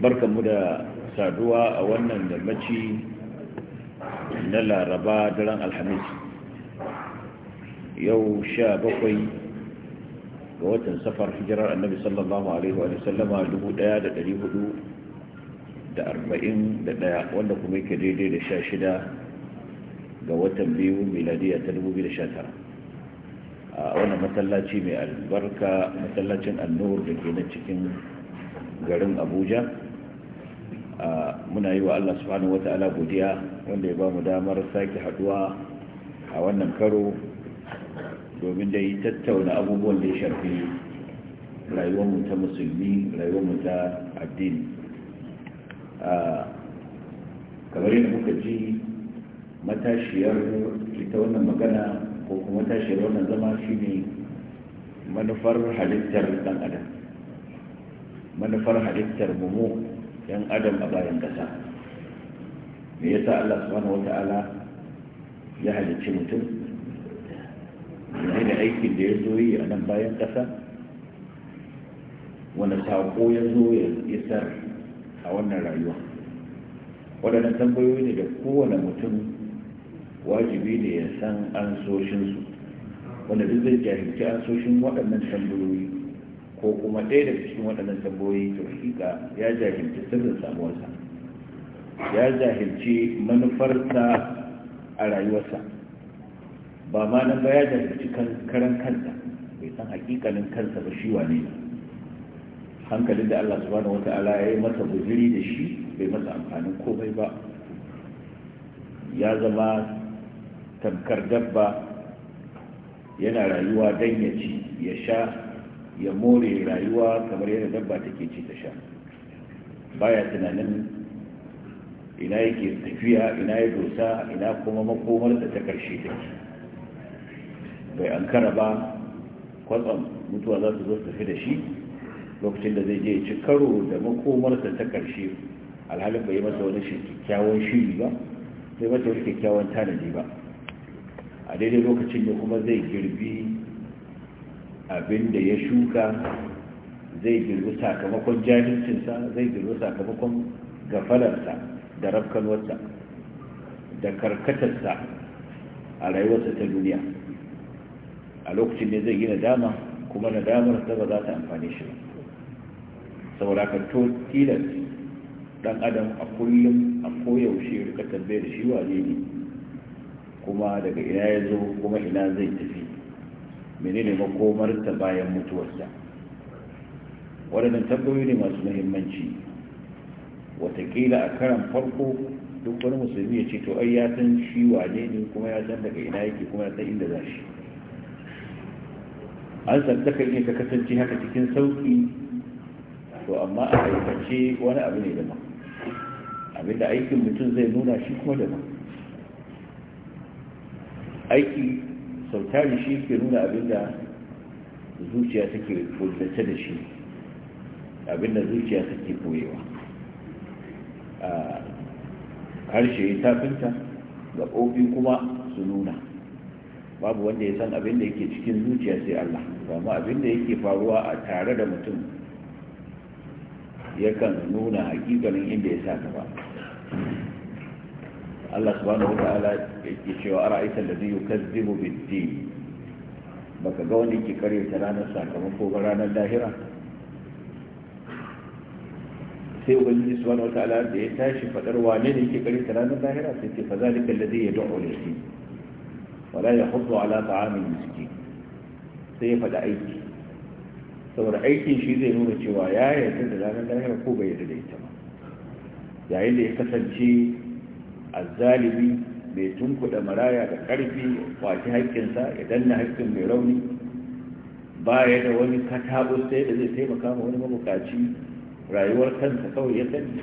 barkanmu da saduwa a wannan yammaci na laraba daren alhamis yau sha bakwai ga watan safar hijirar annabi sallallahu alaihi wa sallama dubu daya da dari hudu da arba'in da daya wanda kuma yake daidai da sha shida ga watan biyu miladiya ta dubu biyu da sha tara a wannan matsalaci mai albarka matsalacin annur da ke na cikin garin abuja muna yi wa Allah subhanahu wata'ala godiya wanda ya ba mu damar sake haduwa a wannan karo domin da yi tattauna abubuwan da ya shafi rayuwarmu ta musulmi rayuwarmu ta addini kamar yadda muka ji matashiyar ita wannan magana ko kuma matashiyar wannan zama shi ne manufar halittar ɗan adam manufar halittar mu yan adam a bayan ƙasa, me yasa Allah subhanahu wata'ala ya halicci mutum da aikin da ya zo yi a nan bayan ƙasa? wani saƙo ya zo ya isar a wannan rayuwa waɗannan tambayoyi ne da kowane mutum wajibi ne ya san ansoshinsu wanda duk zai jahilci ansoshin waɗannan tambayoyi ko kuma ɗaya daga cikin waɗannan tambayoyi to hakika ya jahilci sirrin samuwarsa ya jahilci manufarsa a rayuwarsa ba ma nan ba ya jahilci karan kansa bai san hakikanin kansa ba shi wane hankalin da Allah subhanahu wata'ala ya yi masa buziri da shi bai masa amfanin komai ba ya zama tamkar dabba yana rayuwa don ya ci ya sha ya more rayuwa kamar yadda dabba take ci ta sha baya tunanin ina yake tafiya ina ya dosa ina kuma makomar da ta karshe ta bai an ba kwatsam mutuwa za su zo su tafi da shi lokacin da zai je ci karo da makomar ta ta karshe alhalin bai masa wani kyakkyawan shiri ba bai mata wani kyakkyawan tanadi ba a daidai lokacin da kuma zai girbi abin da ya shuka zai girbi sakamakon jahilcinsa zai girbi sakamakon gafalarsa da rafkanwarsa da karkatarsa a rayuwarsa ta duniya a lokacin da zai yi dama kuma nadamar ta ba za ta amfani shi ba to tilas dan adam a kullum a koyaushe bai da shi wane ne kuma daga ina ya zo kuma ina zai tafi menene ta bayan mutuwarsa waɗannan tambayoyi ne masu muhimmanci watakila a karan farko duk wani musulmi ya ce to ai ya san shi wane ne kuma ya san daga ina yake kuma ya san inda za shi an santaka ne ka kasance haka cikin sauki to amma a aikace wani abu ne daban da aikin mutum zai nuna shi kuma daban aiki sau tari shi ke nuna abinda zuciya take kullace da shi abinda zuciya take koyewa harshe ya tafinta ƙofi kuma su nuna babu wanda ya san abinda yake cikin zuciya sai Allah amma abinda yake faruwa a tare da mutum yakan nuna hakikalin inda ya sa ba Allah subhanahu wata'ala yake cewa ara'aita allazi yukazzibu bid-din baka ga wani ke ta ranar sakamako ba ranar lahira sai ubangiji subhanahu wata'ala da ya tashi fadar wane ne ke ta ranar lahira sai ce fazalika allazi yad'u al-yatim wala yahuddu ala ta'amin miski sai ya fada aiki saboda aikin shi zai nuna cewa ya yarda da ranar lahira ko bai yarda da ita ba yayin da ya kasance azzalimi mai da maraya da ƙarfi kwaci haƙƙinsa idan na haƙƙin mai rauni ya da wani katabus sai da zai taimaka ma wani mabukaci rayuwar kansa kawai ya sani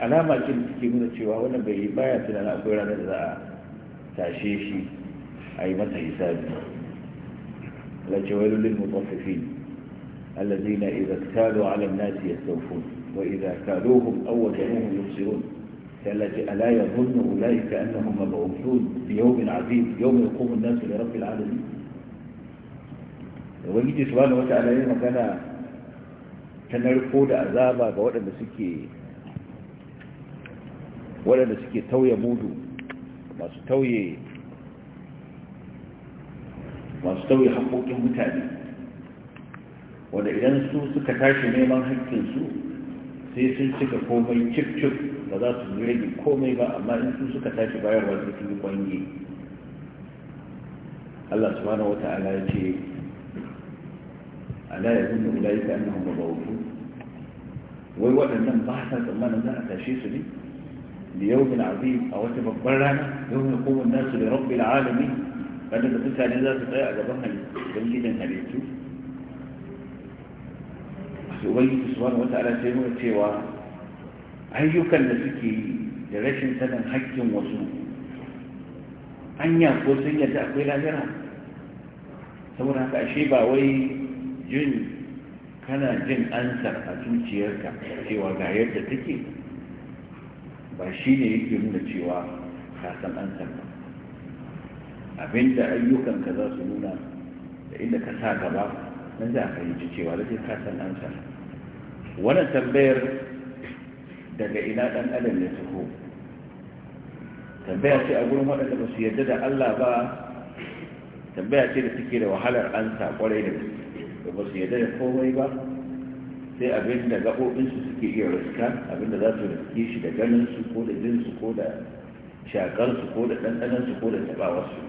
alama ce da suke nuna cewa wannan bai yi baya tunanin akwai ranar da za a tashe shi a yi masa hisabi la jawailu lil mutaffifin الذين إذا اكتالوا على الناس يستوفون وإذا كالوهم أو وزنوهم yusirun التي ألا يظن أولئك أنهم مبعوثون في عظيم يوم يقوم الناس لرب العالمين ubangiji subhanahu wata'ala ya magana ta narko da azaba ga waɗanda suke waɗanda suke tauye mudu masu tauye masu mutane wanda idan su suka tashi neman haƙƙinsu sai sun cika komai cif-cif ba za su rage komai ba amma in su suka tashi bayarwa su fi kwanye Allah subhanahu wa ta'ala ya ce ala ya zunnu ulaika annahum mabawtu wai waɗannan ba sa tsammanin za a tashe su ne da yau bin azim a wata babbar rana yau ne kowanne nasu da rabbil alamin wanda da mutane za su tsaya a gaban halittu halittu su ubangiji subhanahu wa ta'ala sai nuna cewa ayyukan da suke yi da rashin sanin hakkin wasu anya ko sun yadda akwai lahira saboda haka ashe ba wai jin kana jin ansar a zuciyarka cewa ga yadda take ba shi ne yake nuna cewa ka san ansar ba abinda ka za su nuna da inda ka sa gaba nan za a fahimci cewa da ka san ansar wannan tambayar daga ina dan adam ya taho tambaya ce a gurin waɗanda ba su yarda da Allah ba tambaya ce da suke da wahalar ansa kwarai da da ba su yarda da komai ba sai abin da su suke iya riska abin da za su riske shi da ganinsu ko da jinsu ko da shakarsu ko da su ko da su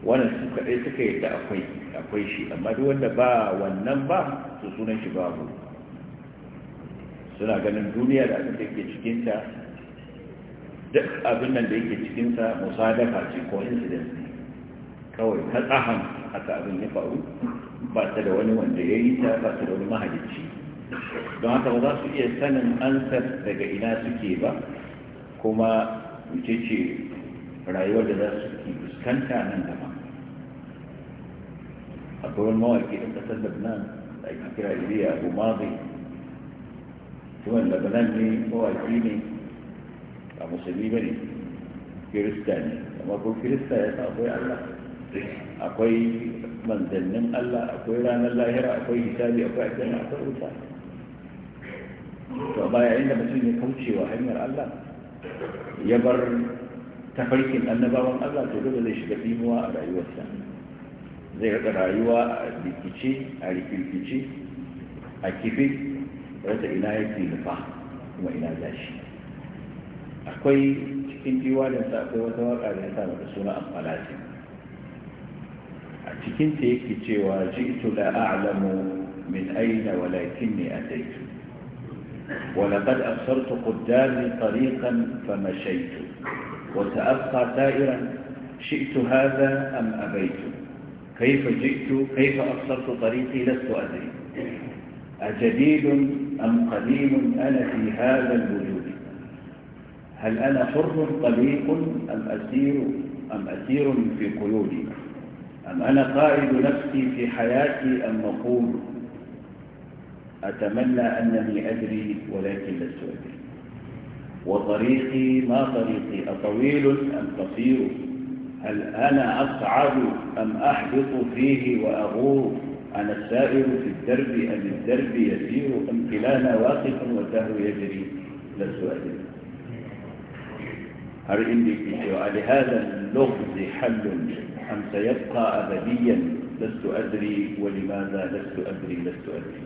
wannan su kaɗai suka yarda akwai akwai shi amma duk wanda ba wannan ba su sunan shi babu suna ganin duniya da abin da cikinta duk abin nan da yake cikinsa musadafa ce ko incident kawai ta tsahan haka abin ya faru ba ta da wani wanda ya yi ta ba ta da wani mahalicci don haka ba za su iya sanin ansar daga ina suke ba kuma wuce ce rayuwar da za su ke fuskanta nan ma. a wani mawaki da ƙasar da nan da ake kira iliya abu mazai daga nan ne mawaki ne a musulmi ba ne kirista ne amma ko kirista ya sa akwai allah akwai manzannin allah akwai ranar lahira akwai hisabi akwai aljanna akwai wuta to ba yayin da mutum ya kaucewa hanyar allah ya bar tafarkin annabawan allah to dole zai shiga dimuwa a rayuwarsa zai rika rayuwa a rikici a rikirkici a kifi wata ina yake nufa kuma ina zashi akwai cikin diwalinsa akwai wata waka da ya sa mata suna amfalatin a cikin ta yake cewa ji ji'tu la a'lamu min aina walakinni ataitu ولقد أبصرت قدامي طريقا فمشيت وسأبقى سائرا شئت هذا أم أبيت كيف جئت كيف أبصرت طريقي لست أدري أجديد أم قديم أنا في هذا الوجود هل أنا حر طليق أم أسير أم أسير في قيودي أم أنا قائد نفسي في حياتي أم مقول أتمنى أنني أدري ولكن لست أدري وطريقي ما طريقي أطويل أم قصير هل أنا أصعد أم أحبط فيه وأغور أنا السائر في الدرب أم الدرب يسير أم كلانا واقف والدهر يجري للسؤال هل عندك ولهذا اللغز حل أم سيبقى أبديا لست أدري ولماذا لست أدري لست أدري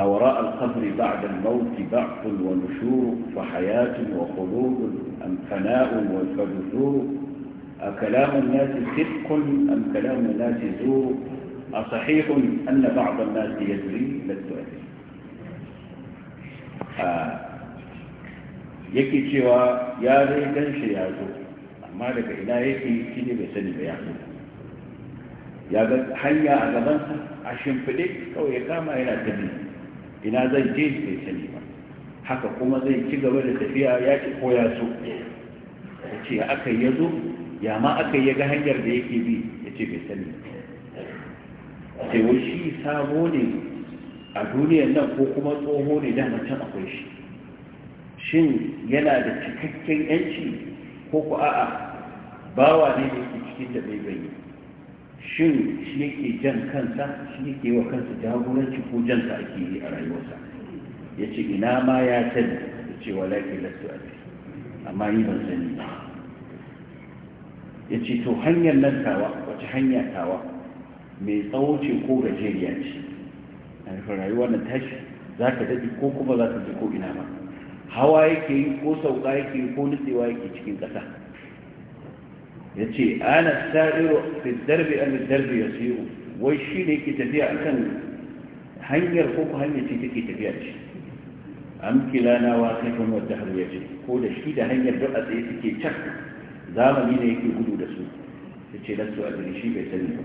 أوراء القبر بعد الموت بعث ونشور فحياة وخلود أم فناء وفدثور أكلام الناس صدق أم كلام الناس زور أصحيح أن بعض الناس يدري لست أدري yake cewa ya zai ganshi ya zo amma daga ina yake shi ne bai sani ba ya zo ya ga hanya a gabansa a shimfiɗe kawai ya kama yana tafi ina zan je bai sani ba haka kuma zai ci gaba da tafiya ya ci ko ya so ya ce aka yi ya zo ya ma aka yi ga hanyar da yake bi ya ce bai sani sai wai shi sabo ne a duniyar nan ko kuma tsoho ne da mace akwai shi shin yana da cikakken yanci ko ku a'a bawa ne da yake cikin da bai bayi shin shi yake jan kansa shi yake wa kansa jagoranci ko jansa ake yi a rayuwarsa ya ce ina ma ya sani ya ce walakin lasu amma yi ban sani ba ya ce to hanyar nan tawa wace hanya tawa mai tsawo ce ko gajeriya ce a nufin rayuwa na tashi za ka daɗi ko kuma za ka ji ko ina ba hawa yake yi ko sauka yake yi ko nutsewa yake cikin ƙasa ya ce ana sa'iru fi darbe an darbe ya siyo wai shi ne ke tafiya akan hanyar ko ku hanyar ce take tafiya ce an kila na wa kai wata ya ce ko da shi da hanyar duk a tsaye suke can zamani ne yake gudu da su ya ce lasu a shi bai sani ba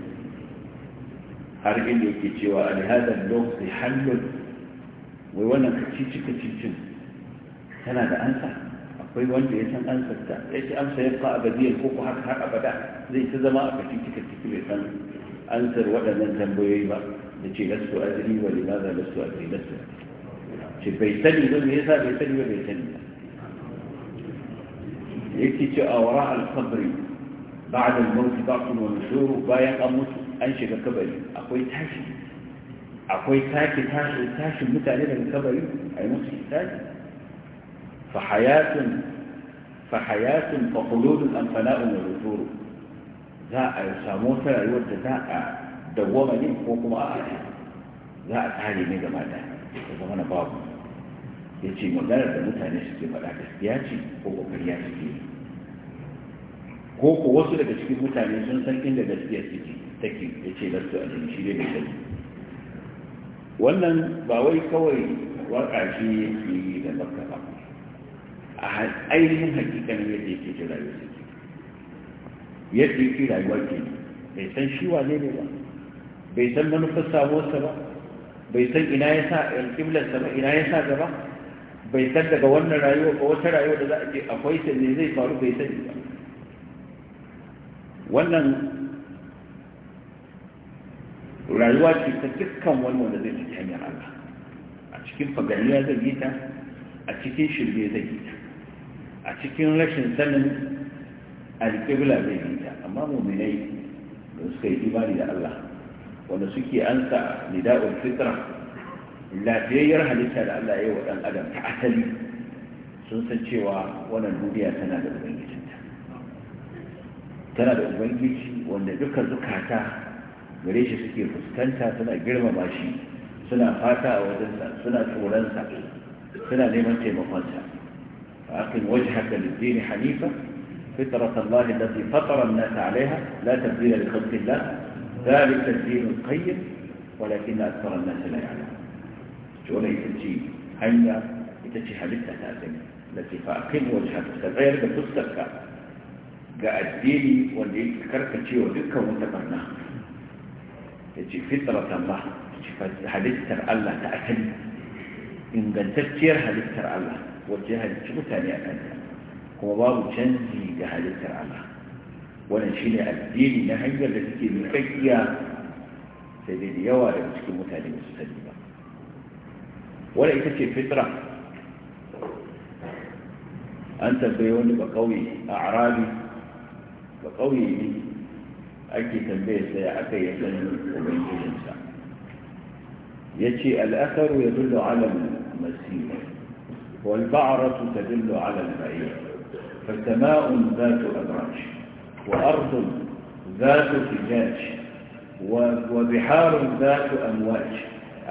har inda yake cewa alhazan lokaci hannun wai wannan kacici kacicin tana da ansa akwai wanda ya san ansarta ya ce amsa ya fa abadiyar ko ku haka har abada zai ta zama a kacici kacici bai san ansar waɗannan tambayoyi ba da ce lasu adri wa limaza lasu adri lasu ce bai sani ba me yasa bai sani ba bai sani yake ce a wara alkabari ba da mawuti ba kuma wani shoro bayan an mutu an shiga kabari akwai tashi akwai tashi tashi tashin mutane daga kabari a yi musu tashi fahayatun fahayatun fakulodun amfana'un wani shoro za a samu wata rayuwar da za a dawwama ne ko kuma a za a tare ne gaba da zama na babu ya ce maganar da mutane suke faɗa gaskiya ce ko ke suke ko ko wasu daga cikin mutane sun san inda gaskiya suke take ya ce lasu a jini shi dai mai sani wannan ba wai kawai waƙa shi ne yi da baka ba a ainihin hakikan yadda yake ji rayuwa suke yadda yake rayuwa ke bai san shi wa ne ba bai san manufar samuwarsa ba bai san ina ya sa alƙiblarsa eh, ba ina ya sa gaba bai san daga wannan rayuwa ko wata rayuwa da za a ce akwai ta ne zai faru bai sani ba wannan rayuwa ce ta dukkan wani wanda zai tafi hanyar Allah a cikin fagariya zai yi ta a cikin shirye zai yi ta a cikin rashin sanin alƙibla zai yi ta amma mu menai da suka yi imani da Allah wanda suke ansa nida'ul fitra lafiyayyar halitta da Allah ya yi wa ɗan adam ta asali sun san cewa wannan duniya tana da ubangijinta tana da ubangiji wanda duka zukata gare shi suke fuskanta suna girmama shi suna fata a wajensa suna tsoronsa suna neman taimakonsa فأقم وجهك للدين حنيفا فطرة الله التي فطر الناس عليها لا تبديل لخلق الله ذلك الدين القيم ولكن أكثر الناس لا يعلمون ce ita ce hanya ita ce halitta ta sani da ce fa akai wajen haka ka tsayar da fuskarka ga addini wanda yake karkace wa dukkan wata barna ya ce fitrat Allah halittar Allah ta asali ingantacciyar halittar Allah wacce ya halicci mutane a kanta kuma babu canji ga halittar Allah wannan shine addini na hanyar da take mikakkiya sai dai da yawa daga cikin mutane musu sani wanda ita ce fitra an tambaye wani ba kauye a arabi ba kauye ne ake tambaye sai aka yi sanin ubangijinsa ya ce al'akaru ya dullo alal masira والبعرة تدل على البعير فسماء ذات أبراج وأرض ذات فجاج وبحار ذات أمواج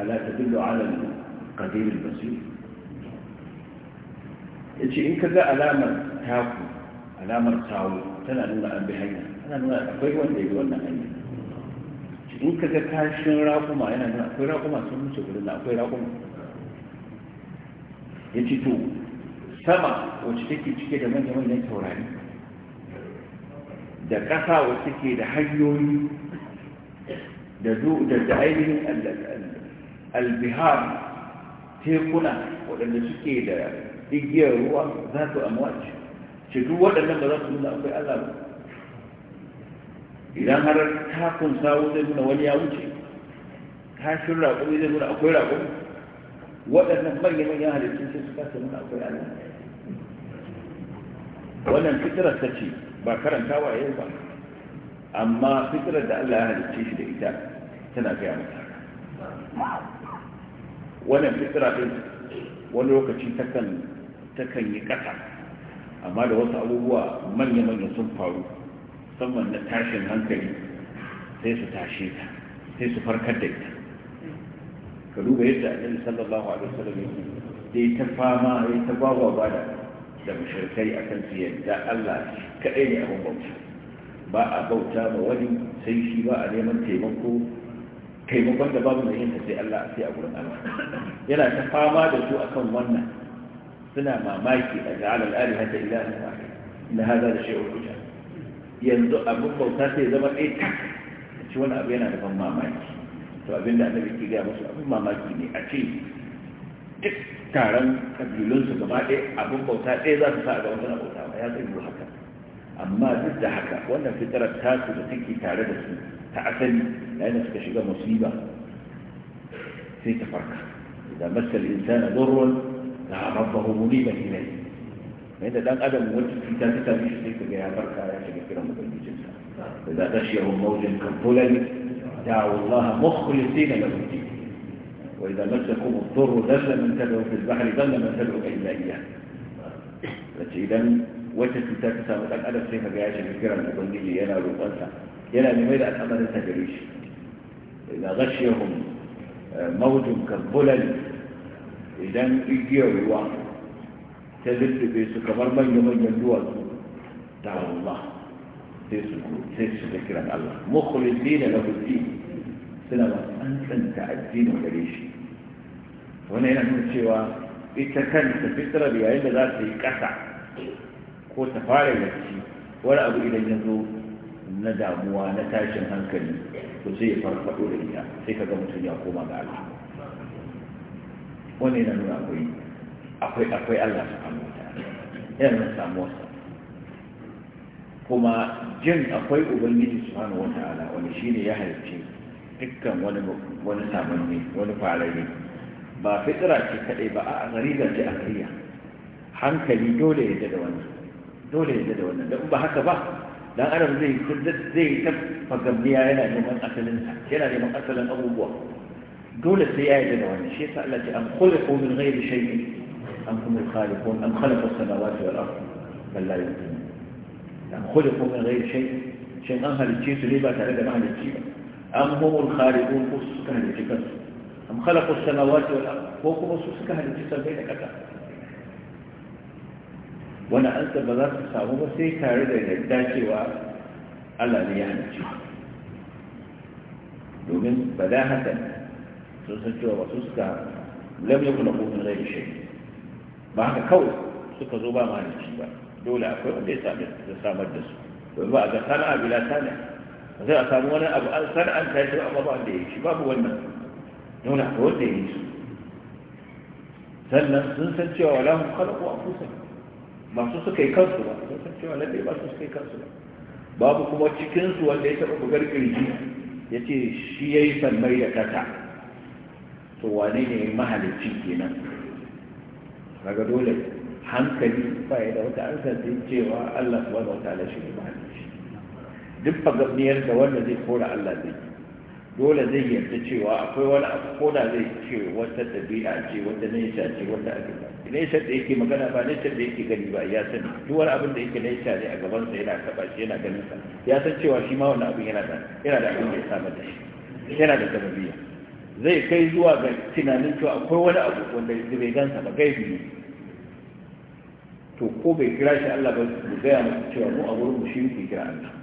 ألا تدل على الموت qadirul Ya ce in ka kaga alamar taku alamar tawo tana nuna an bi hanya tana nuna akwai wanda ya bi wannan hanya in ka ga kashin raƙuma yana nuna akwai raƙuma sun wuce gurin da akwai raƙuma Ya yace to sama wacce take cike da manya-manyan taurari da ƙasa wacce take da hanyoyi da ainihin albihar tekuna waɗanda suke da igiyar ruwa za su amwaci ce duk waɗannan ba za su nuna akwai Allah ba idan har takun sawu zai nuna wani ya wuce kashin raƙumi zai nuna akwai raƙumi waɗannan manyan manyan halittun sai su kasa nuna akwai Allah wannan fitirar ta ce ba wa yau ba amma fitirar da Allah ya halicce shi da ita tana gaya mata wannan fitira din wani lokaci takan takan yi kasa amma da wasu abubuwa manya-manya sun faru musamman na tashin hankali sai su tashe ta sai su farkar da ita ka duba yadda annabi sallallahu alaihi wasallam yake dai ta fama ya ta bawa bada da mushrikai akan su yadda Allah Kaɗai ne abin bauta ba a bauta ba wani sai shi ba a neman taimako taimakon da babu mai yinta sai Allah sai a gurin Allah yana ta fama da su akan wannan suna mamaki a ja'al al-aliha ta ilaha wahid inna hadha la shay'un ujab yanzu abin bauta sai zama ɗaya tak ci wani abu yana da ban mamaki to abin da annabi ke ga musu abin mamaki ne a ce duk taron kabilunsu gaba ɗaya abin bauta ɗaya za su sa a ga wata bauta ba ya zai haka amma duk da haka wannan fitarar tasu da take tare da su تعتني لأنك تشيك مصيبة في تفركة إذا مس الإنسان ضر دعا ربه منيبا إليه فإذا دام أدم وجد في تاسسة مش تلك يا بركة يا شيخ كرم بالجنسة إذا غشيه موجا كالظلل دعوا الله مخلصين له الدين وإذا مسكم الضر دل من تدعو في البحر دل من تدعو إلا إياه فإذا وجد في تاسسة مثلا أدم سيفا يا شيخ كرم بالجنسة ينال هنا لماذا أمن التجريش إذا غشهم آه، موج كالبلل إذا يجيعوا الواقع تذلت في سكبر من يمين الدول دعوا الله تسكوا تسكوا ذكرا الله مخلصين له الدين سلام أنت أنت الدين وليش هنا نحن سوى إذا كان تفتر بأين ذات الكسع كو تفاعل ولا أبو إلى ينظر na damuwa na tashin hankali to sai ya farfado da ita sai ka ga mutum ya koma ga Allah wani yana nuna akwai akwai akwai Allah su kama ta yana nuna samuwarsa kuma jin akwai ubangiji su hana wata ala wani shi ne ya halarci dukkan wani wani samanni wani farare ba fitira ce kaɗai ba a garigar ce a kariya hankali dole ya da wannan dole ya da wannan Dan ba haka ba dan adam zai zai ta fagamniya yana neman asalin yana neman asalin abubuwa dole sai ya yi da wani shi yasa Allah ce an khuliqu min ghairi shay'in am hum al-khaliqun am khalaqa as-samawati wal ard bal la yuqinun am khuliqu min ghairi shay'in shin an halicce su ne ba tare da mahalicci ba am hum al-khaliqun ko su suka halicci kansu am khalaqa as-samawati wal ard ko kuma su suka halicci sabai da kasa wani ansa ba za su samu ba sai tare da yarda cewa Allah ne ya halicci domin ba da haka sun san cewa wasu suka lam kofin qawmin ghayri shay ba haka kawai suka zo ba ma halicci ba dole akwai wanda ya samar da su domin ba a ga sana'a bila sana'a zai a samu wani abu an san an tashi amma ba wanda ya yi shi babu wannan dole ko wanda ya yi su sannan sun san cewa wala kala hum khalaqu anfusahum masu suka yi kansu ba sun san cewa lalle ba su suka yi kansu ba babu kuma cikinsu wanda ya taɓa bugar kirji ya ce shi ya yi sammai da kasa to wane ne mahalicci kenan daga dole hankali ba ya da wata ansar cewa Allah subhanahu wa ta'ala shi ne mahalicci duk fagabniyar da wanda zai kora Allah zai dole zai yarda cewa akwai wani abu ko da zai ce wata ɗabi'a ce wata nesa ce wata abin ba nesa da yake magana ba nesa da yake gani ba ya sani duk wani abin da yake nesa ne a gabansa yana taɓa shi yana ganin sa ya san cewa shi ma wannan abin yana da yana da abin da ya samar da shi yana da sababiya zai kai zuwa ga tunanin cewa akwai wani abu wanda bai gansa ba gaibi ne to ko bai kira shi Allah ba mu gaya masa cewa mu a gurin mu shi yake kira Allah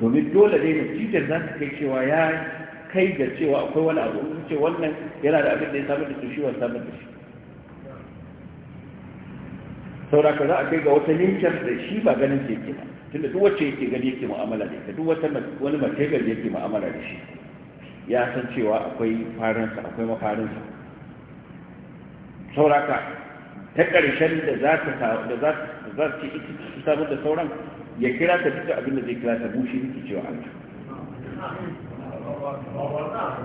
domin dole ne titin za ta kai cewa ya kai ga cewa akwai wani abu in ce wannan yana da abin da ya samar da shi wani samar da shi ka za a kai ga wata ninkar da shi ba ganin ke ba tunda duk wacce yake gani yake mu'amala da ita duk wata wani mace gari yake mu'amala da shi ya san cewa akwai farinsa akwai mafarinsa ka ta ƙarshen da za ta samar da sauran ya kira ta duka abin da zai kira ta bushe yake cewa Allah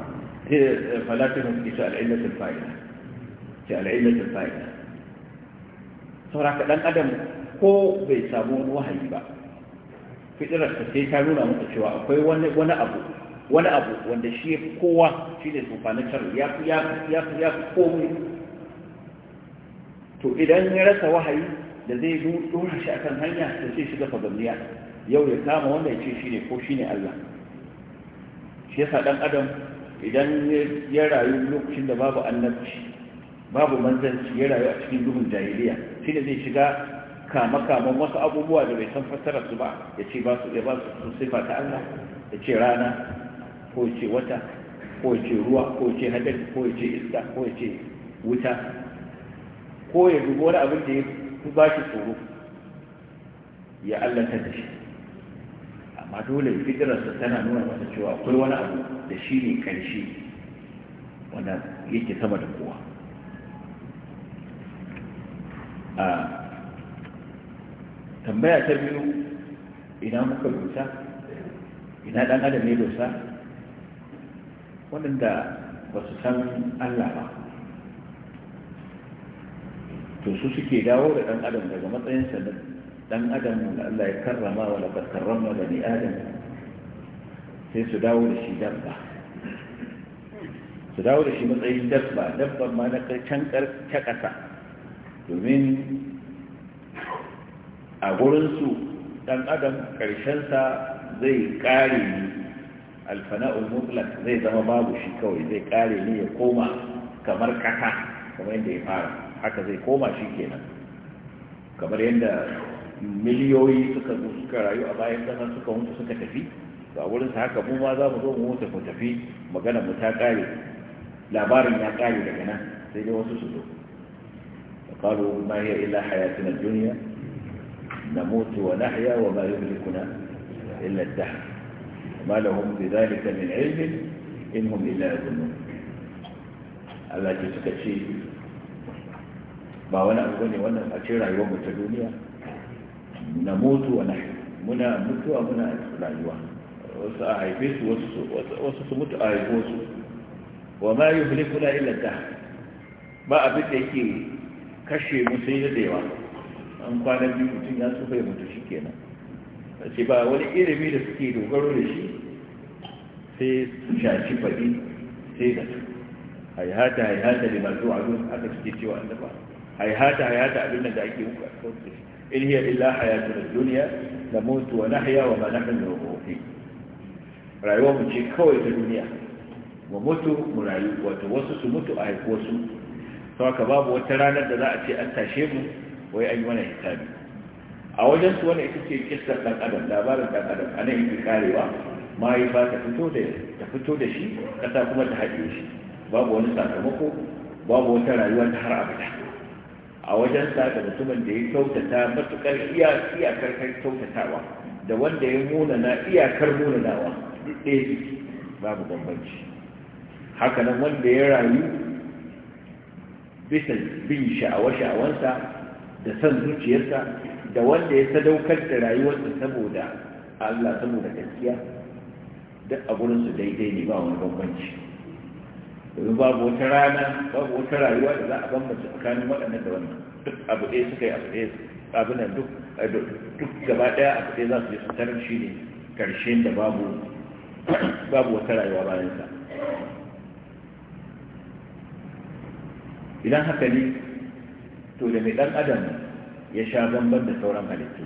eh, falatun suke ce al'illatul fa'ida ce al'illatul fa'ida sauraka dan adam ko bai samu wani wahayi ba fitirar ta sai ta nuna masa cewa akwai wani abu wani abu wanda shi kowa shi ne tsofanatar ya fi ya fi ya fi komai to idan ya rasa wahayi da zai dora shi akan hanya da sai shiga fadaliya yau ya kama wanda ya ce shi ne ko shi ne Allah shi yasa dan adam idan ya rayu lokacin da babu annabci babu manzanci ya rayu a cikin duhun jahiliya shi ne zai shiga kama-kaman wasu abubuwa da bai san fassara su ba ya ce ba su ya ba su sifa ta Allah ya ce rana ko ya ce wata ko ya ce ruwa ko ya ce hadari ko ya ce iska ko ya ce wuta ko ya dubi wani abin da ya ku ba shi tsoro ya allata da shi amma dole fitirarsa tana nuna masa cewa akwai wani abu da shi ne karshe wanda yake sama da kowa a tambaya ta biyu ina muka dosa ina dan adam ne dosa waɗanda ba su san allah ba to su suke dawo da dan adam daga matsayin sa dan adam da Allah ya karrama wa laqad karramna bani adam sai su dawo da shi dabba su dawo da shi matsayin dabba dabba ma na can ta kasa domin a gurinsu dan adam sa zai kare ni alfana'ul mutlak zai zama babu shi kawai zai kare ni ya koma kamar kasa kamar yadda ya fara haka zai koma shi kenan kamar yadda miliyoyi suka zo suka rayu a bayan ƙasa suka mutu suka tafi ba wurin sa haka mu ma za mu zo mu mutu mu tafi magana mu ta kare labarin ya kare daga nan sai dai wasu su zo qalu ma hiya illa hayatuna dunya namutu wa nahya wa ma yumlikuna illa ad ma lahum bidhalika min ilmin in hum illa yadhunnun Allah ce suka ce ba wani abu ne wannan a ce rayuwar mu ta duniya na mutu wa nahi muna mutuwa muna rayuwa wasu a haife su wasu su mutu a haife su wa ma yi hulikuna illa ta ba abin da yake kashe mu sai da yawa an kwana biyu mutum ya tsufa bai mutu shi kenan ce ba wani ilimi da suke dogaro da shi sai su shaci faɗi sai da su haihata haihata da masu abu aka suke cewa annaba hayata hayata abin da ake muku a cikin in hiya illa hayatun dunya la mutu wa nahya wa ma nahnu bi rayuwar mu ce kawai ta duniya wa mutu mu rayu wato wasu su mutu a haifu wasu to haka babu wata ranar da za a ce an tashe mu wai an yi mana hisabi a wajen su wani ita ce kissar dan adam labarin dan adam a nan yake karewa mahaifa ta fito da ta fito da shi kasa kuma ta haɗe shi babu wani sakamako babu wata rayuwa ta har abada a wajen sa da mutumin da ya kyautata matukar iyakar kai kyautatawa da wanda ya na iyakar munanawa duk ɗaya babu bambanci haka nan wanda ya rayu bisa bin sha'awa-sha'awansa da son zuciyarsa da wanda ya sadaukar da rayuwarsa saboda Allah saboda gaskiya duk a gurinsu daidai ne ba wani bambanci yanzu babu wata rana babu wata rayuwa da za a mace tsakanin waɗannan da wannan duk abu ɗaya suka yi abu ɗaya abu nan eh, duk duk gaba ɗaya abu ɗaya za su yi tsakanin shi ne ƙarshen da babu babu wata rayuwa bayan sa idan haka ne to da mai ɗan adam ya sha bamban da sauran halittu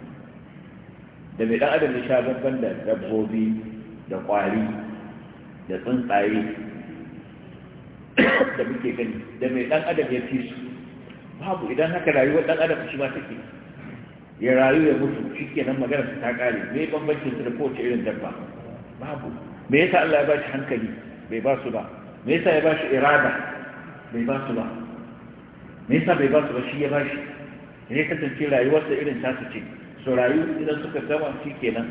da mai ɗan adam ya sha bamban da dabbobi da ƙwari da tsuntsaye da muke gani da mai dan adam ya fi su babu idan haka rayuwar dan adam shi ma take ya rayu ya mutu shi ke nan magana ta kare me bambancin su da kowace irin dabba babu me yasa Allah ya bashi hankali bai ba su ba me yasa ya bashi irada bai ba su ba me yasa bai ba su ba shi ya bashi ne kasance rayuwarsa irin tasu ce su rayu idan suka gama shi ke nan?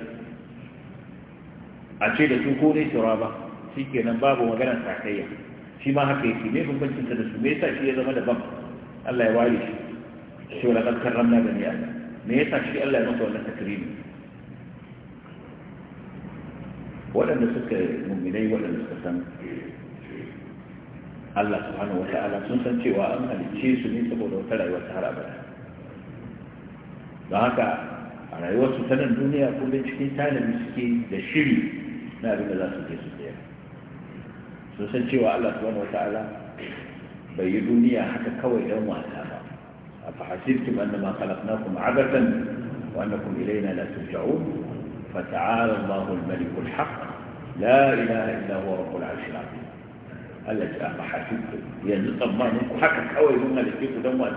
a ce da su ko ne tsira ba shi nan babu maganar sakayya shi ma haka yake ne bambancin da su me yasa shi ya zama daban Allah ya ware shi shi wala kan karramna da ni Allah me yasa shi Allah ya masa wannan takrimi waɗanda suka mummunai waɗanda suka san Allah subhanahu wa ta'ala sun san cewa an halicce su ne saboda wata rayuwa ta har abada don haka a rayuwarsu ta nan duniya kullum cikin tanadi suke da shiri na abin da za su je su sun san cewa Allah subhanahu wata'ala bai yi duniya haka kawai dan wasa ba أفحسبتم أنما خلقناكم عبثا وأنكم إلينا لا ترجعون فتعالى الله الملك الحق لا إله إلا هو رب العرش العظيم التي أفحسبتم يعني طبعا حكى أول من ملكيكم دموات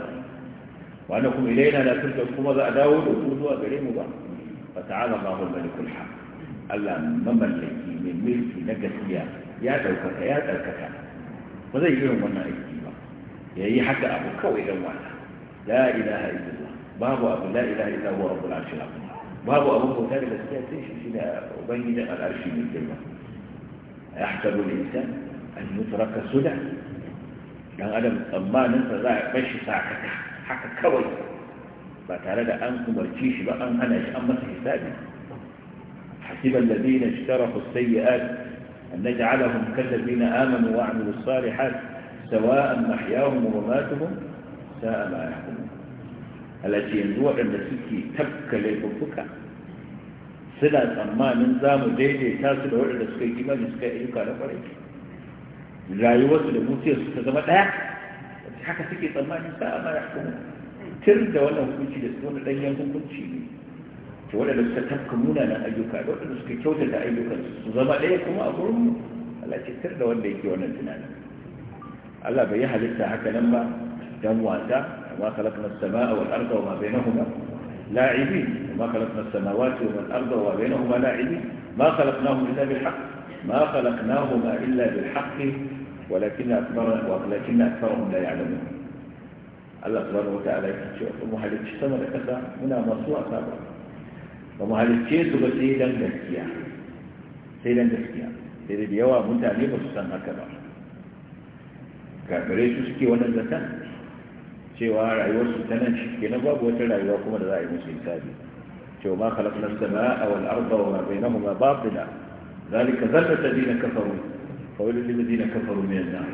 وأنكم إلينا لا ترجعون ماذا أداول وقلوا أبريم بقى فتعالى الله الملك الحق ألا مملكي من ملكي نجسيا ya ɗaukaka ya ɗaukaka ba zai irin wannan aiki ba ya yi haka abu kawai don wata la ilaha illallah babu abu la ilaha illa huwa rabbul arshil babu abu bauta da gaskiya sai shi shi da ubangijin al'arshi mai girma yahtabu al-insan an yutraka suda dan adam tsammanin sa za a bar shi sakaka haka kawai ba tare da an umarci shi ba an hana shi an masa hisabi hasiba alladhina ishtaraku as-sayyi'at أن نجعلهم كالذين آمنوا وعملوا الصالحات سواء محياهم ومماتهم ساء ما يحكمون التي ينزوع أن سكي تبكى ليببكى سنة أما ننزام ديدي تاسد وعد سكي كما نسكي إيكا نفريك لا يوصل موتي ستزمى لا حكا سكي طمان ساء ما يحكمون ترد ولا هكوشي لسكون لن ينكم كل شيء waɗanda suka tafka munanan ayyuka da waɗanda suka kyautata ayyukansu su zama ɗaya kuma a gurin mu Allah ce tar da wanda yake wannan tunanin Allah bai yi halitta haka nan ba dan wasa amma khalaqna as a wal arda wa ma bainahuma la'ibin ma khalaqna as-samawati wal arda wa bainahuma la'ibin ma khalaqnahum illa bil haqq ma khalaqnahuma illa bil haqq walakin akthar walakin aktharuhum la ya'lamun Allah subhanahu wa ta'ala ya ce mu halicci sama da kasa muna masu wasa ba ba mu halicce su ba sai dan gaskiya sai dan gaskiya sai da yawa mutane ba su san haka ba kafirai su suke wannan zaton cewa rayuwarsu ta nan shi kenan babu wata rayuwa kuma da za a yi musu hisabi cewa ma khalaqna as-samaa'a wal arda wa ma bainahuma batila dhalika dhallu alladhina kafaru fa wailul lil ladina kafaru min an-nar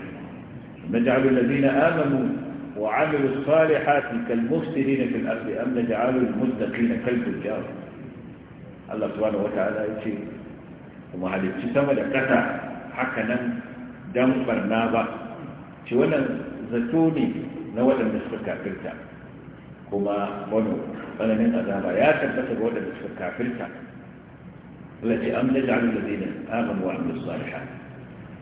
naj'alu alladhina amanu wa 'amilu as-salihati kal mufsidina fil ardi am naj'alu al-muttaqina kal fujjar Allah subhanahu wata'ala ya ce kuma halicci sama da ƙasa haka nan dan barna ba ce wannan zato ne na waɗanda suka kafirta kuma wani tsananin azaba ya tabbata ga waɗanda suka kafirta Allah ce am da ja'alul ladina amanu wa amilus salihat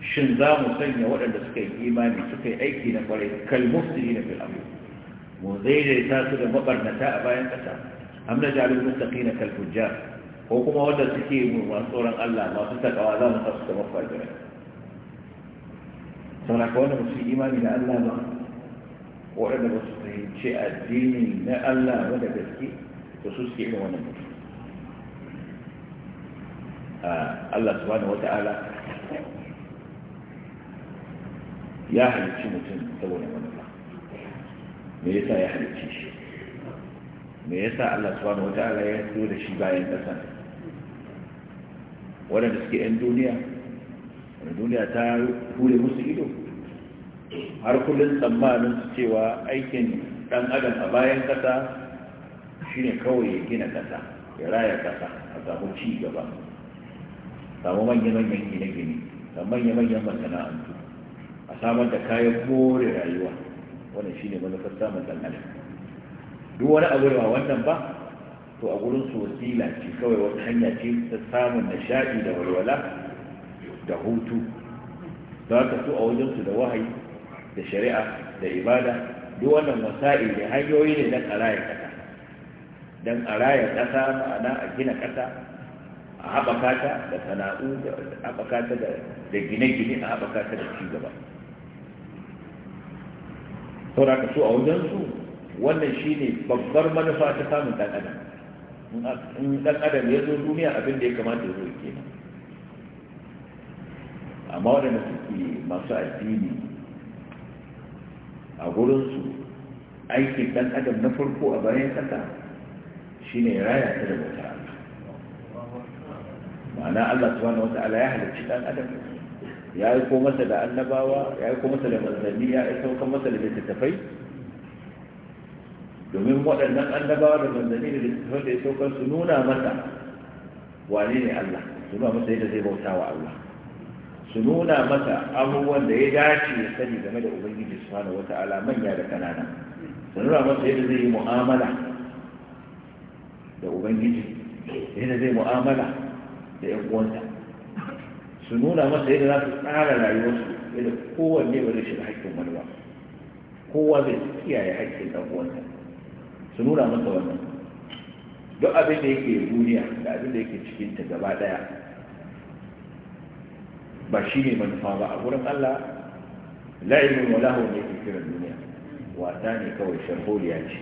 shin za mu sanya waɗanda suka yi imani suka yi aiki na kwarai kal mufsidina fil amr mu daidaita su da mabarnata a bayan ƙasa. am da ja'alul muttaqina na fujjar ko kuma wanda suke mummunan tsoron Allah masu takawa za mu sa su zama fajirai saboda ka wanda musu imani da Allah ba waɗanda ba su fahimci addini na Allah ba da gaske to su suke irin wannan mutum Allah subhanahu wata'ala ya halicci mutum saboda manufa me yasa ya halicci shi me yasa Allah subhanahu wata'ala ya so da shi bayan ƙasa waɗanda suke 'yan duniya wani duniya ta hure musu ido har kullum tsammanin cewa aikin ɗan adam a bayan ƙasa shi ne kawai ya gina ƙasa ya raya ƙasa a samu ci gaba samu manya-manyan gine-gine da manya-manyan masana'antu a samar da kayan more rayuwa wannan shi ne manufar samun ɗan adam duk wani abu da wannan ba to a gurin su wasila ce kawai wata hanya ce ta samun nishadi da walwala da hutu za ka so a su da wahayi da shari'a da ibada duk wannan wasa'i da hanyoyi ne don araya ƙasa don araya ƙasa ma'ana a gina ƙasa a haɓaka ta da sana'u da haɓaka ta da gine-gine a haɓaka ta da ci gaba saboda ka so a su wannan shine babbar manufa ta samun ɗan adam in dan adam ya zo duniya abin da ya kamata ya zo kenan. amma waɗanda suke masu addini a gurinsu aikin dan adam na farko a bayan kasa shine raya ta da wata ma'ana Allah subhanahu wata ya halarci dan adam ya yi ko masa da annabawa ya yi ko masa da manzanni ya yi saukan masa da littattafai domin waɗannan annabawa da manzanni da littattafan da ya saukar su nuna masa wane ne Allah su nuna masa yadda zai bauta wa Allah su nuna masa abubuwan da ya dace ya sani game da ubangiji subhanahu wata'ala manya da kanana su nuna masa yadda zai yi mu'amala da ubangiji yadda zai mu'amala da yan uwanta su nuna masa yadda za su tsara rayuwarsu yadda kowanne ba zai shiga haƙƙin wani ba kowa zai kiyaye haƙƙin ɗan uwanta su nuna masa wannan duk abin da yake duniya da abin da yake cikin ta gaba daya ba shi ne manufa ba a gurin Allah la'imin walahu ne ke kiran duniya wata ne kawai sharholiya ce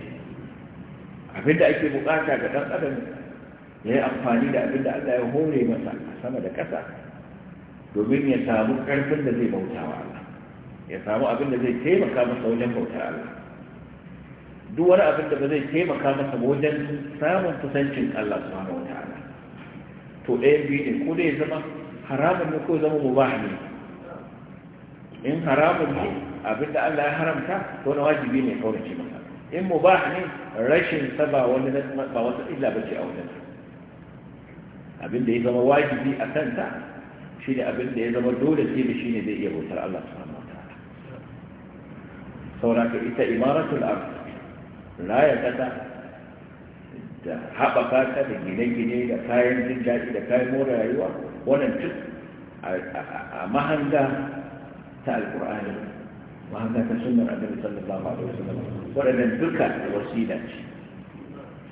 abin da ake bukata ga dan adam ya yi amfani da abin da Allah ya hore masa a sama da ƙasa domin ya samu ƙarfin da zai bauta wa Allah ya samu abin da zai taimaka masa wajen bautar Allah duk wani abin da ba zai taimaka masa wajen samun kusancin Allah subhanahu wa ta'ala to ɗayan biyu ne ko dai zama haramun ne ko zama mubah ne in haramun ne abin da Allah ya haramta to na wajibi ne kawai ce masa in mubah ne rashin sa ba wani ba wata illa bace a wajen abin da ya zama wajibi a kanta shi ne abin da ya zama dole ce da shi ne zai iya bautar Allah subhanahu wa ta'ala sauraka ita imaratul ardh raya kasa da haɓaka ta da gine-gine da kayan jin daɗi da kayan mora rayuwa wannan duk a mahanga ta alƙur'ani mahanga ta sunnar ba ma dole wasallam waɗannan duka wasila ce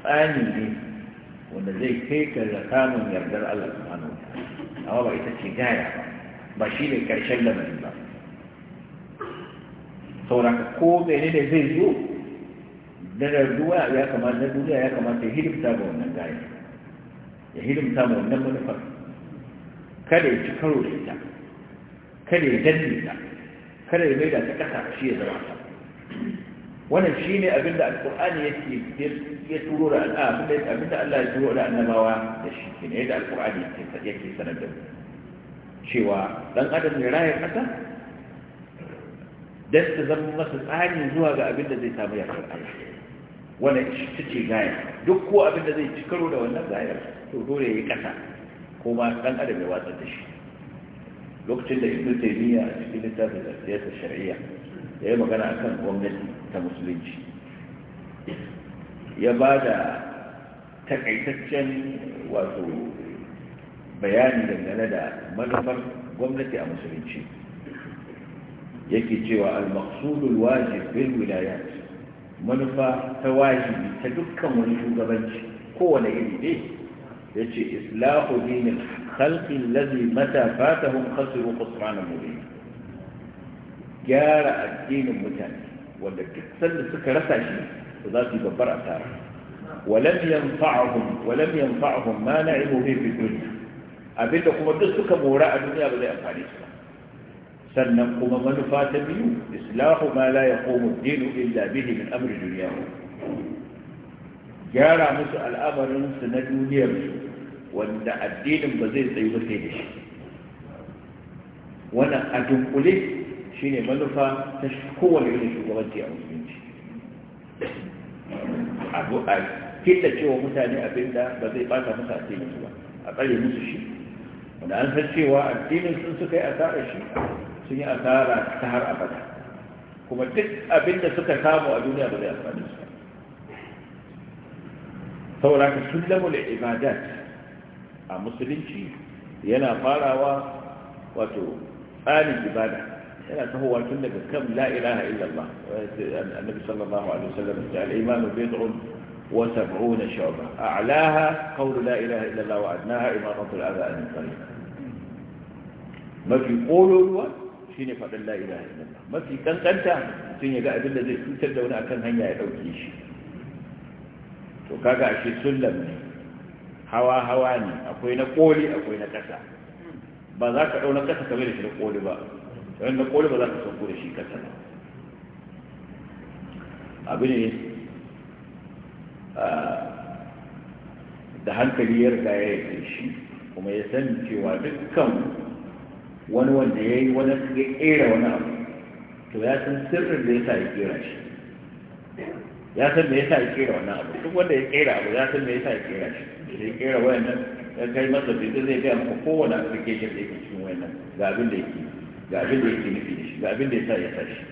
tsani ne wanda zai kai ka da samun yardar Allah su hannu. ta'ala amma ba ita ce gaya ba ba shi ne karshen lamarin ba saboda ko ne zai zo na ruwa ya kamata na duniya ya kamata ya hidimta ga wannan gaya ya hidimta ga wannan manufar kada ya ci karo da ita kada ya danne ta kada ya mai da ta kasa shi ya zama ta wannan shi ne abinda alkur'ani yake ya turo da al'a abinda Allah ya turo da annabawa da shi ke ne yadda alkur'ani yake sanar da mu cewa dan adam ne raya kasa dan ta zama masa tsani zuwa ga abinda zai samu ya karɓa wannan ita ce gaya duk ko abin da zai ci karo da wannan gayar to dole ya yi kasa ko ma dan adam ya watsar da shi lokacin da ibn taymiya a cikin littafin da shari'a ya yi magana akan gwamnati ta musulunci ya ba da takaitaccen wato bayani dangane da manufar gwamnati a musulunci yake cewa al-maqsudul wajib bil wilayat manufa ta wajibi ta dukkan wani shugabanci kowane iri ne ya ce islahu dinin halkin lazi mata fatahun khasiru kusurana mubin gyara addinin mutane wanda duk sanda suka rasa shi to za su yi babbar asara walam yanfa'uhum walam yanfa'uhum ma na'imu bi dunya abinda kuma duk suka mora a duniya ba zai amfane su sannan kuma manufa ta biyu islahu ma la yaqumu dinu illa bihi min amri dunyahu gyara musu al'amarin su na duniyar su wanda addinin ba zai tsayi ba sai da shi wannan adun dunkule shine manufa ta kowane irin shugabanci a musulunci abu a kitta cewa mutane abin da ba zai bata musu addinin su ba a tsare musu shi wanda an san cewa addinin sun suka yi asarar shi sun yi asara ta har abada kuma duk abin da suka samu a duniya ba zai amfani su saboda ka sullamu da ibadat a musulunci yana farawa wato tsarin ibada yana tahowa tun daga kam la ilaha illallah annabi sallallahu alaihi wasallam ta al-iman bid'un wa sab'una shu'ba a'laha qawlu la ilaha illallah wa adnaha imaqatu al-adha an tariq mafi qulu ne faɗin la'ila ilaha illallah mafi ƙanƙanta sun ya ga abin da zai cutar da wani akan hanya ya ɗauke shi to kaga ashe sullam ne hawa hawa ne akwai na ƙoli, akwai na ƙasa ba za ka ɗau na ƙasa kamar da shi na ƙoli ba ɗan na ƙoli ba za ka sauko da shi ƙasa ba abu ne ah, da hankali ya riga ya yi shi kuma ya san cewa dukkan wani wanda ya yi wani ya kera wani abu to ya san sirrin da ya sa ya kera shi ya san me ya sa ya kera wannan abu duk wanda ya kera abu ya san me ya sa ya kera shi da ya kera wayannan ya kai masa bitin zai gaya maka kowane application da yake cikin wayannan ga abin da yake ga abin da yake nufi da shi ga abin da ya sa ya sa shi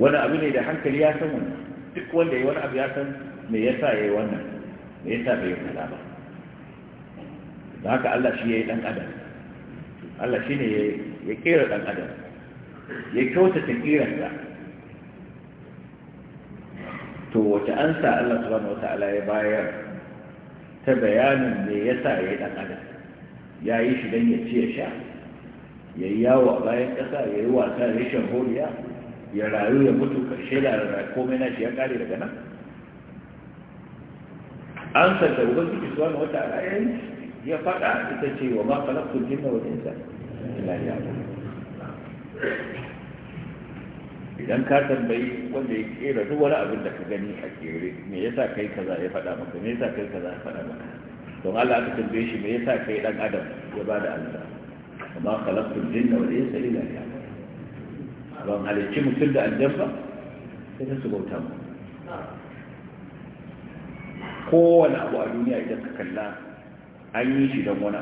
wani abu ne da hankali ya san wannan duk wanda ya wani abu ya san me ya sa ya yi wannan me ya sa bai yi kala ba da haka Allah shi ya yi dan adam Allah shi ne ya kera ɗan adam ya kyautata kiransa to wace ansa Allah subhanahu wa ta'ala ya bayar ta bayanin me yasa ya yi ɗan adam ya yi shi don ya ci ya sha ya yi yawo a bayan ƙasa ya yi wasa ya shan horiya ya rayu ya mutu karshe da komai na shi ya ƙare daga nan an sanda ubangiji subhanahu wa ta'ala ya yi ya faɗa ita ce wa ma khalaqtul jinna wal insa illa liya'budun idan ka tambayi wanda ya kera duk wani abin da ka gani a kere me yasa kai kaza ya faɗa maka me yasa kai kaza ya faɗa maka don Allah aka tambaye shi me yasa kai dan adam ya bada Allah ma khalaqtul jinna wal insa illa liya'budun Don halicci mutum da aljanna sai ta su bauta mu kowane abu a duniya idan ka kalla an yi shi don wani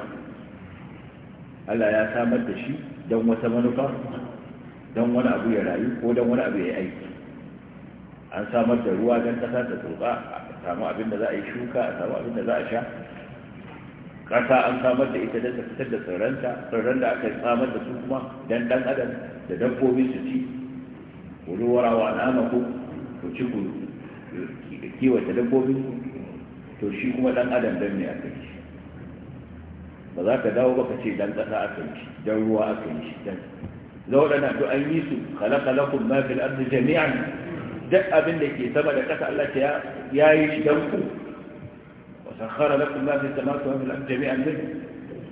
Allah ya samar da shi don wata manufa don wani abu ya rayu ko don wani abu ya yi aiki an samar da ruwa don kasa ta tsotsa a samu abin da za a yi shuka a samu abin da za a sha kasa an samar da ita don ta fitar da tsirranta tsirran da aka samar da su kuma don dan adam da dabbobin su ci wani warawa nama ko ku ci ku kiwata dabbobin to shi kuma dan adam don ne a kai ba za ka dawo ba ka ce dan ƙasa aka yi dan ruwa aka yi dan zaudana to an yi su khalaqa lakum ma fil ardi jami'an duk abin da ke sama da ƙasa Allah ya yayi shi dan ku wa sakhara lakum ma fis samawati wa fil ardi jami'an min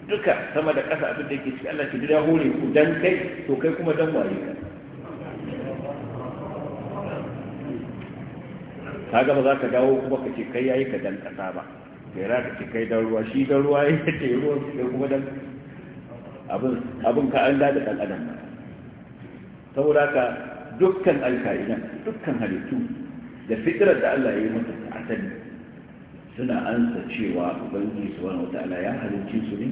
duka sama da ƙasa abin da ke cikin Allah ki ya hore ku dan kai to kai kuma dan waye ka kaga ba za ka dawo kuma ka ce kai yayi ka dan ƙasa ba bai raka ce kai don ruwa shi don ruwa ya ce ruwa da kuma dan abin ka an dada dan adam saboda ka dukkan alkaina dukkan halittu da fitrar da Allah ya yi mata asali suna ansa cewa ubangiji subhanahu wataala ya halicci su ne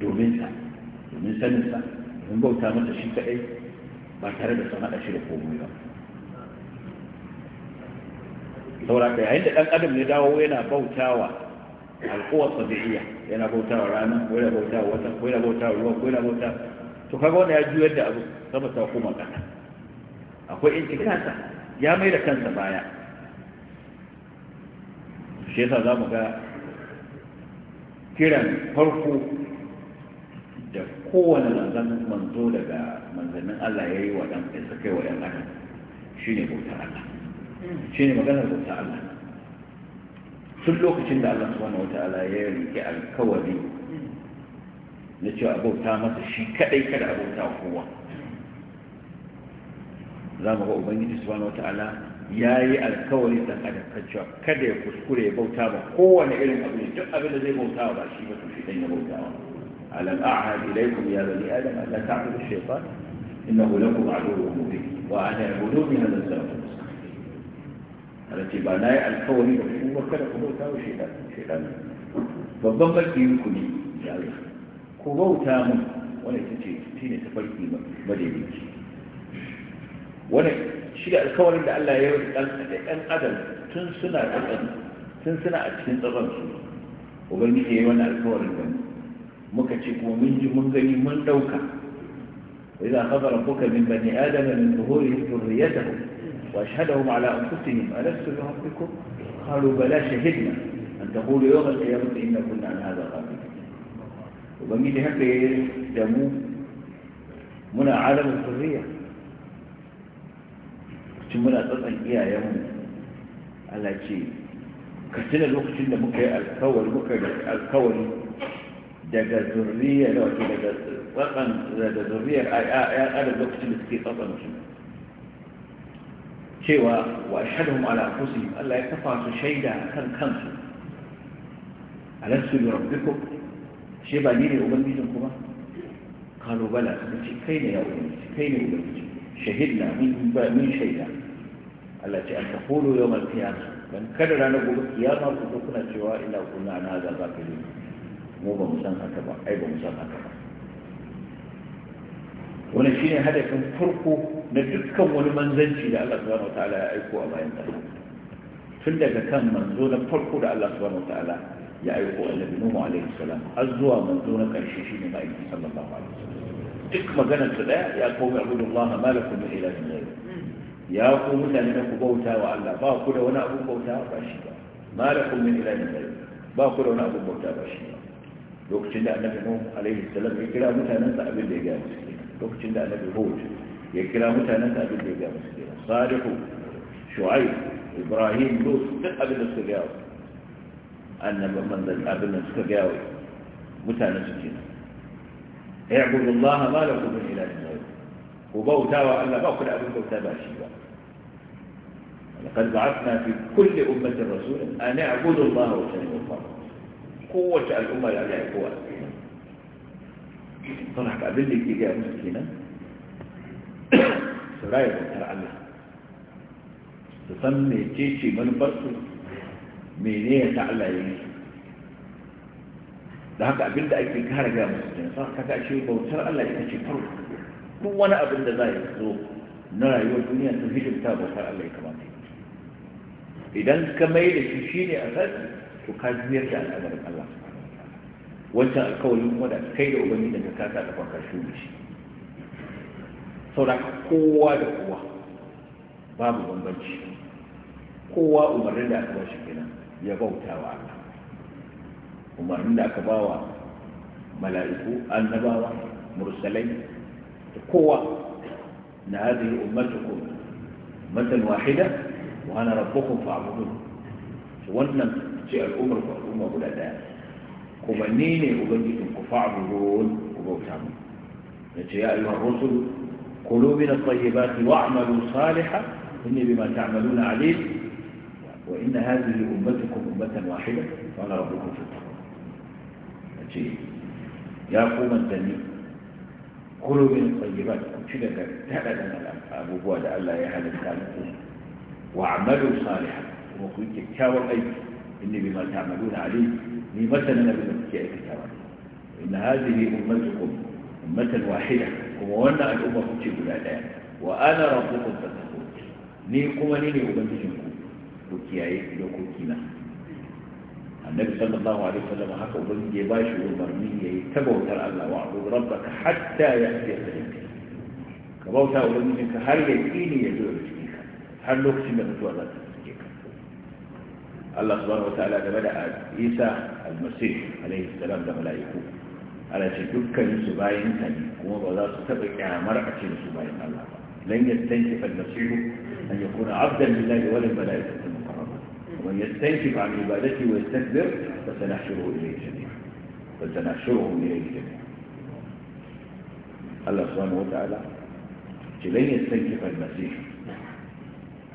domin sa domin saninsa. sa domin bauta mata shi kaɗai ba tare da sun haɗa shi da komai ba sauraka yayin da ɗan adam ne dawo yana bautawa alkuwar sabi'iyya yana bautawa rana ko yana bautawa wata ko yana bautawa ruwa ko yana bautawa to kaga wanda ya juyar da abu saba ta kuma ƙasa akwai intikasa ya mai da kansa baya shi yasa za mu ga kiran farko da kowane manzan manzo daga manzannin Allah ya yi wa ɗan kai wa ɗan adam shi ne bautar Allah ne maganar da ta Allah tun lokacin da Allah subhanahu ta'ala ya rike alkawari na cewa abauta masa shi kadai kada abauta kowa za mu ga ubangiji subhanahu ta'ala ya yi alkawari da adam cewa kada ya kuskure ya bauta ba kowane irin abu ne duk abin da zai bauta ba shi ba shi dan ya bauta ba alam a'hadu ilaykum ya bani adam alla ta'budu shaytan innahu lakum aduwwun mubin wa ana a'budu min hadha ana ce ba na yi alkawari da kuma kada ku bauta wa shaidan babban barkin ku ne ya Allah ku bauta mun Wani ita ce shi ne ta tafarki madaidaici wani shi da alkawarin da Allah ya yi da ɗan adam tun suna tsakan tun suna a cikin tsakan su ubangiji ya yi wani alkawarin da muka ce kuma mun ji mun gani mun ɗauka وإذا خبر ربك من بني آدم من ظهورهم ذريتهم وأشهدهم على أنفسهم ألست بربكم قالوا بلا شهدنا أن تقولوا يوم القيامة انا كنا عن هذا غافلين وبميل هكا دمو منى عالم الحرية ثم لا تطعن إياه يوم على شيء كسنا الوقت إن مكا الكول مكا الكول دقا الزرية لو أتي دقا وقا دقا الزرية أنا الوقت اللي تكي تطعن وشنا cewa wa ashhadum ala Allah ya kafa su shaida kan kansu alastu rabu rabbikum shi ba ni ne ubangijin kuma Kano bala suka ce kai ne ya ubangiji kai ne ubangiji shahidna min ba min shaida Allah ce an taqulu yawm al-qiyamah dan kada rana gobe kiyama ku kuna cewa ina kunna na za ka mu ba mu san haka ba ai ba mu san haka ba wani shi ne hadafin farko na dukkan wani manzanci da Allah subhanahu ta'ala ya aiko a bayan ƙasa tun daga kan manzo na farko da Allah subhanahu ta'ala ya aiko annabi Nuhu alaihi salam har zuwa manzo na ƙarshe ne ma'aikin sallallahu alaihi wasallam duk maganar ta daya ya komi ma malakum min ilahin ghayr ya ko mutane da ku bauta wa Allah ba ku da wani abu bauta ba shi ba malakum min ilahin ghayr ba ku da wani abu bauta ba shi ba lokacin da annabi Nuhu alaihi salam ya kira mutanen sa abin da ya gaya musu lokacin da annabi hud ya kira mutanen da abin da ya gaya musu kenan salihu shu'aib ibrahim lut duk abin da suka gaya annabi manzan abin da suka gaya wa mutanen su kenan ya'budu allaha ma lakum min ilahin ghayr ku bauta wa Allah ba ku da abin bauta ba shi ba لقد بعثنا في كل أمة رسولا أن اعبدوا الله واجتنبوا الطاغوت قوة الأمة لا يقوى don haka abin da yake gaya musu kenan su raya bautar Allah su san mece ce manufarsu mene ya ta Allah ya yi da haka abin da ake kara gaya musu kenan sa ka ga shi bautar Allah ita ce farko duk wani abin da za ya zo na rayuwar duniya sun hidimta bautar Allah ya kamata idan ka mai da shi ne a to ka juyar da al'amarin Allah wancan alkawari kuma da kai da ubangijin ka kasa da farka shuɗe shi saboda kowa da kowa babu bambanci kowa umarnin da aka ba shi kenan ya bauta wa Allah umarnin da aka ba wa mala'iku annabawa mursalai da kowa na hadhihi ummatukum matan wahida wa ana rabbukum fa'budun wannan ce al'ummar ku al'umma guda daya kuma ni ne ubangijin ku fa'budun ku bauta mu yace ya ayyuhar rusul kulu min at-tayyibati wa'malu salihan inni bima ta'maluna alim wa inna hadhihi ummatukum ummatan wahida wa ana rabbukum fattaqun yace ya ku manzanni kulu na at-tayyibat ku ci daga dadan abubuwa da Allah ya halitta muku wa'malu salihan kuma ku yi kyakkyawan aiki inni bima ta'maluna alim ni masanin abin da kuke aikatawa inna hadhihi ummatukum ummatan wahida kuma wannan al'umma kuce guda daya wa ana rabbukum fattaqun ni kuma ni ne ubangijin ku ku kiyaye dokoki na annabi sallallahu alaihi wasallam haka ubangiji ya bashi umarni yayi ta bautar Allah wa abu rabbaka hatta ya'tiya al-yaqin ka bauta ubangijin ka har yaqini ya zo ka har lokacin da mutuwa ta Allah wa ta'ala game da Isa المسيح عليه السلام لما لا يكون على شدك لسباين كان يكون ولا تتبك عمر أتين سباين الله لن يستنكف المسيح أن يكون عبدا لله ولا الملائكة المقربة ومن يستنكف عن عبادته ويستكبر فسنحشره إليه جميعا فسنحشره إليه جميعا الله سبحانه وتعالى لن يستنكف المسيح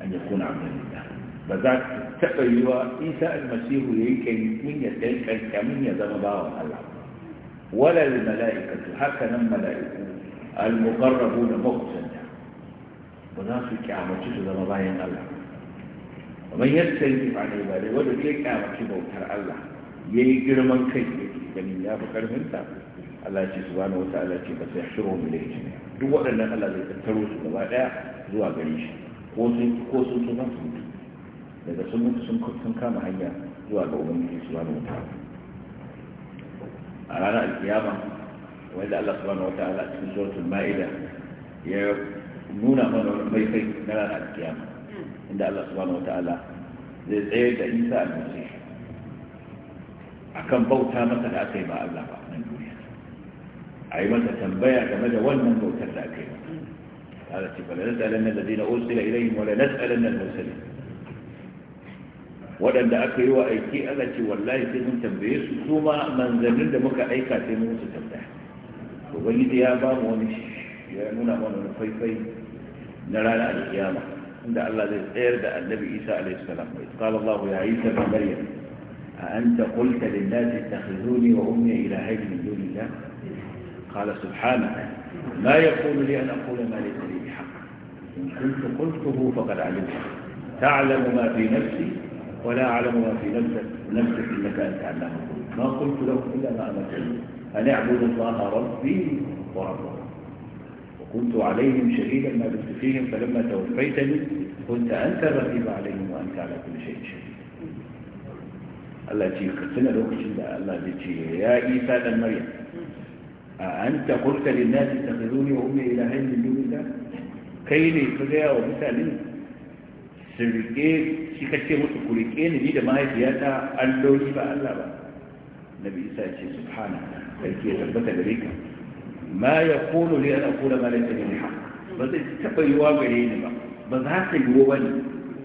أن يكون عبدا لله ba za ta taɓa yi wa isa almasihu ya yi kyankyamin ya ɗan kyankyamin ya zama bawan allah walal mala'ikatu haka nan mala'iku almuqarrabu da makusanta ba za su kyamaci su zama bayan allah kamar yadda yi ba ne ba dai wanda ke kyamaci bautar allah ya yi girman kai da ke ganin ya fi ta? allah ya ce su bani wata allah ce ba sai shirin mulai duk waɗannan allah zai tattaro su gaba ɗaya zuwa gare shi ko sun ko sun su daga sun mutu sun sun kama hanya zuwa ga ubangiji su wani ta'ala a ranar alkiyama wanda Allah su wani wata ala cikin suratul ma'ida ya nuna mana wani maifai na ranar alkiyama inda Allah su wani wata ala zai tsaye da Isa a a kan bauta masa da aka yi ba Allah ba nan duniya a yi masa tambaya game da wannan bautar da aka yi ba ta da قالت فلنسألن الذين أرسل إليهم ولنسألن المرسلين waɗanda aka yi wa aiki ana ce wallahi sai mun tambaye su su ma manzannin da muka aika sai mun su tambaya ubangiji ya ba mu wani ya nuna mana wani faifai na rana da kiyama inda Allah zai tsayar da annabi Isa alayhi salam bai qala Allah ya Isa ibn Maryam a anta qulta lin nas takhuzuni wa ummi ila hayy min dunillah qala subhanaka ma yaqulu li an aqula ma laysa li bihaq in kuntu qultuhu faqad alimta ta'lamu ma fi nafsi ولا اعلم ما في نفسك نفسك انك انت أعلمها ما قلت له إلا ما أمتني أن أعبد الله ربي وربكم وكنت عليهم شهيدا ما بدت فيهم فلما توفيتني كنت أنت الرقيب عليهم وأنت على كل شيء شهيد التي قلتنا الوقت التي يا إيسا المريم أأنت قلت للناس اتخذوني وأمي إلى هين من دون الله كيلي فجاء وبسألين سرقيت shi ce musu ku riƙe ni ni da mahaifiyata alloli ba Allah ba nabi isa ce subhana sarki ya tabbata gare ka ma ya kono ne ana kula ma laifin ne ha ba zai taɓa yiwa gare ni ba ba za ta yiwu ba ne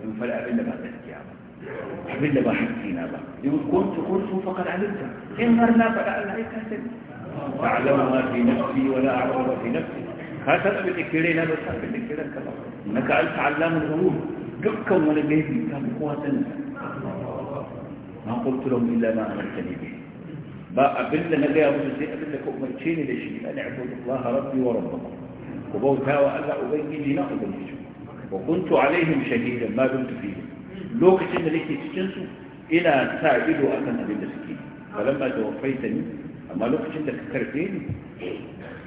in faɗi abin da ba gaskiya ba abin da ba hakkina ba in kuntu kuntu faqad alimta in har na faɗa Allah ya kasance ta'lamu ma fi nafsi wa la a'lamu ma fi nafsi ka san abin da ke raina ba san abin da ke ranka ba naka anta allamu al-ghuyub dukkan wani gaibi ta fi kowa sanin ma qultu lahum illa a amartani bihi ba abin da na gaya musu sai abin da ka umarce ni da shi an da Allah rabbi wa rabbakum ku bauta wa Allah ubangiji na ubangiji wa kuntu alaihim shahidan ma dumtu fihi lokacin da nake cikin su ina sa ido akan abin da suke ba da wafaita tawaffaitani amma lokacin da ka karfe ni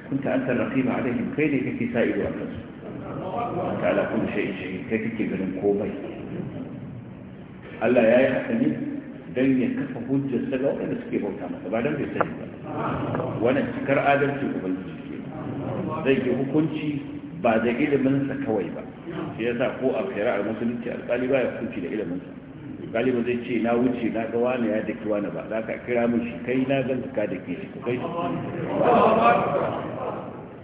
kunta anta raqiba alaihim kai ne kake sa ido akan su ta ala kullu shay'in shay'in kai ganin komai Allah ya yi haka ne dan ya kafa hujjar sa ga wanda suke bauta masa ba don bai sani ba wannan cikar adalci ubangiji zai yi hukunci ba da iliminsa kawai ba shi sa ko a kira a musulunci alƙali ba ya hukunci da iliminsa sa galiba zai ce na wuce na ga wani ya daki wani ba za ka kira mun shi kai na zan ka dake shi ku kai shi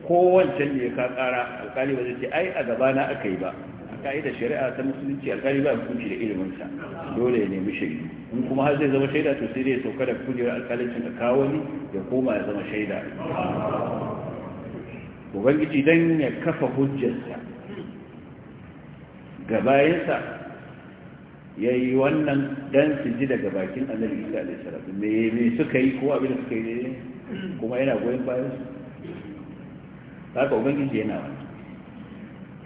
ko wancan ne ka kara alkali ba zai ce ai a gaba na aka yi ba A ka'ida shari'a ta musulunci alkali ba hukunci da iliminsa dole ya nemi shaidu in kuma har zai zama shaida to sai dai sauka da kujerar alkalancin da kawo ni ya koma ya zama shaida ubangiji dan ya kafa hujjarsa ga bayansa ya yi wannan dan su ji daga bakin annabi isa alaihi salatu me suka yi ko abin da suka yi ne? kuma yana goyon bayansu haka ubangiji yana wani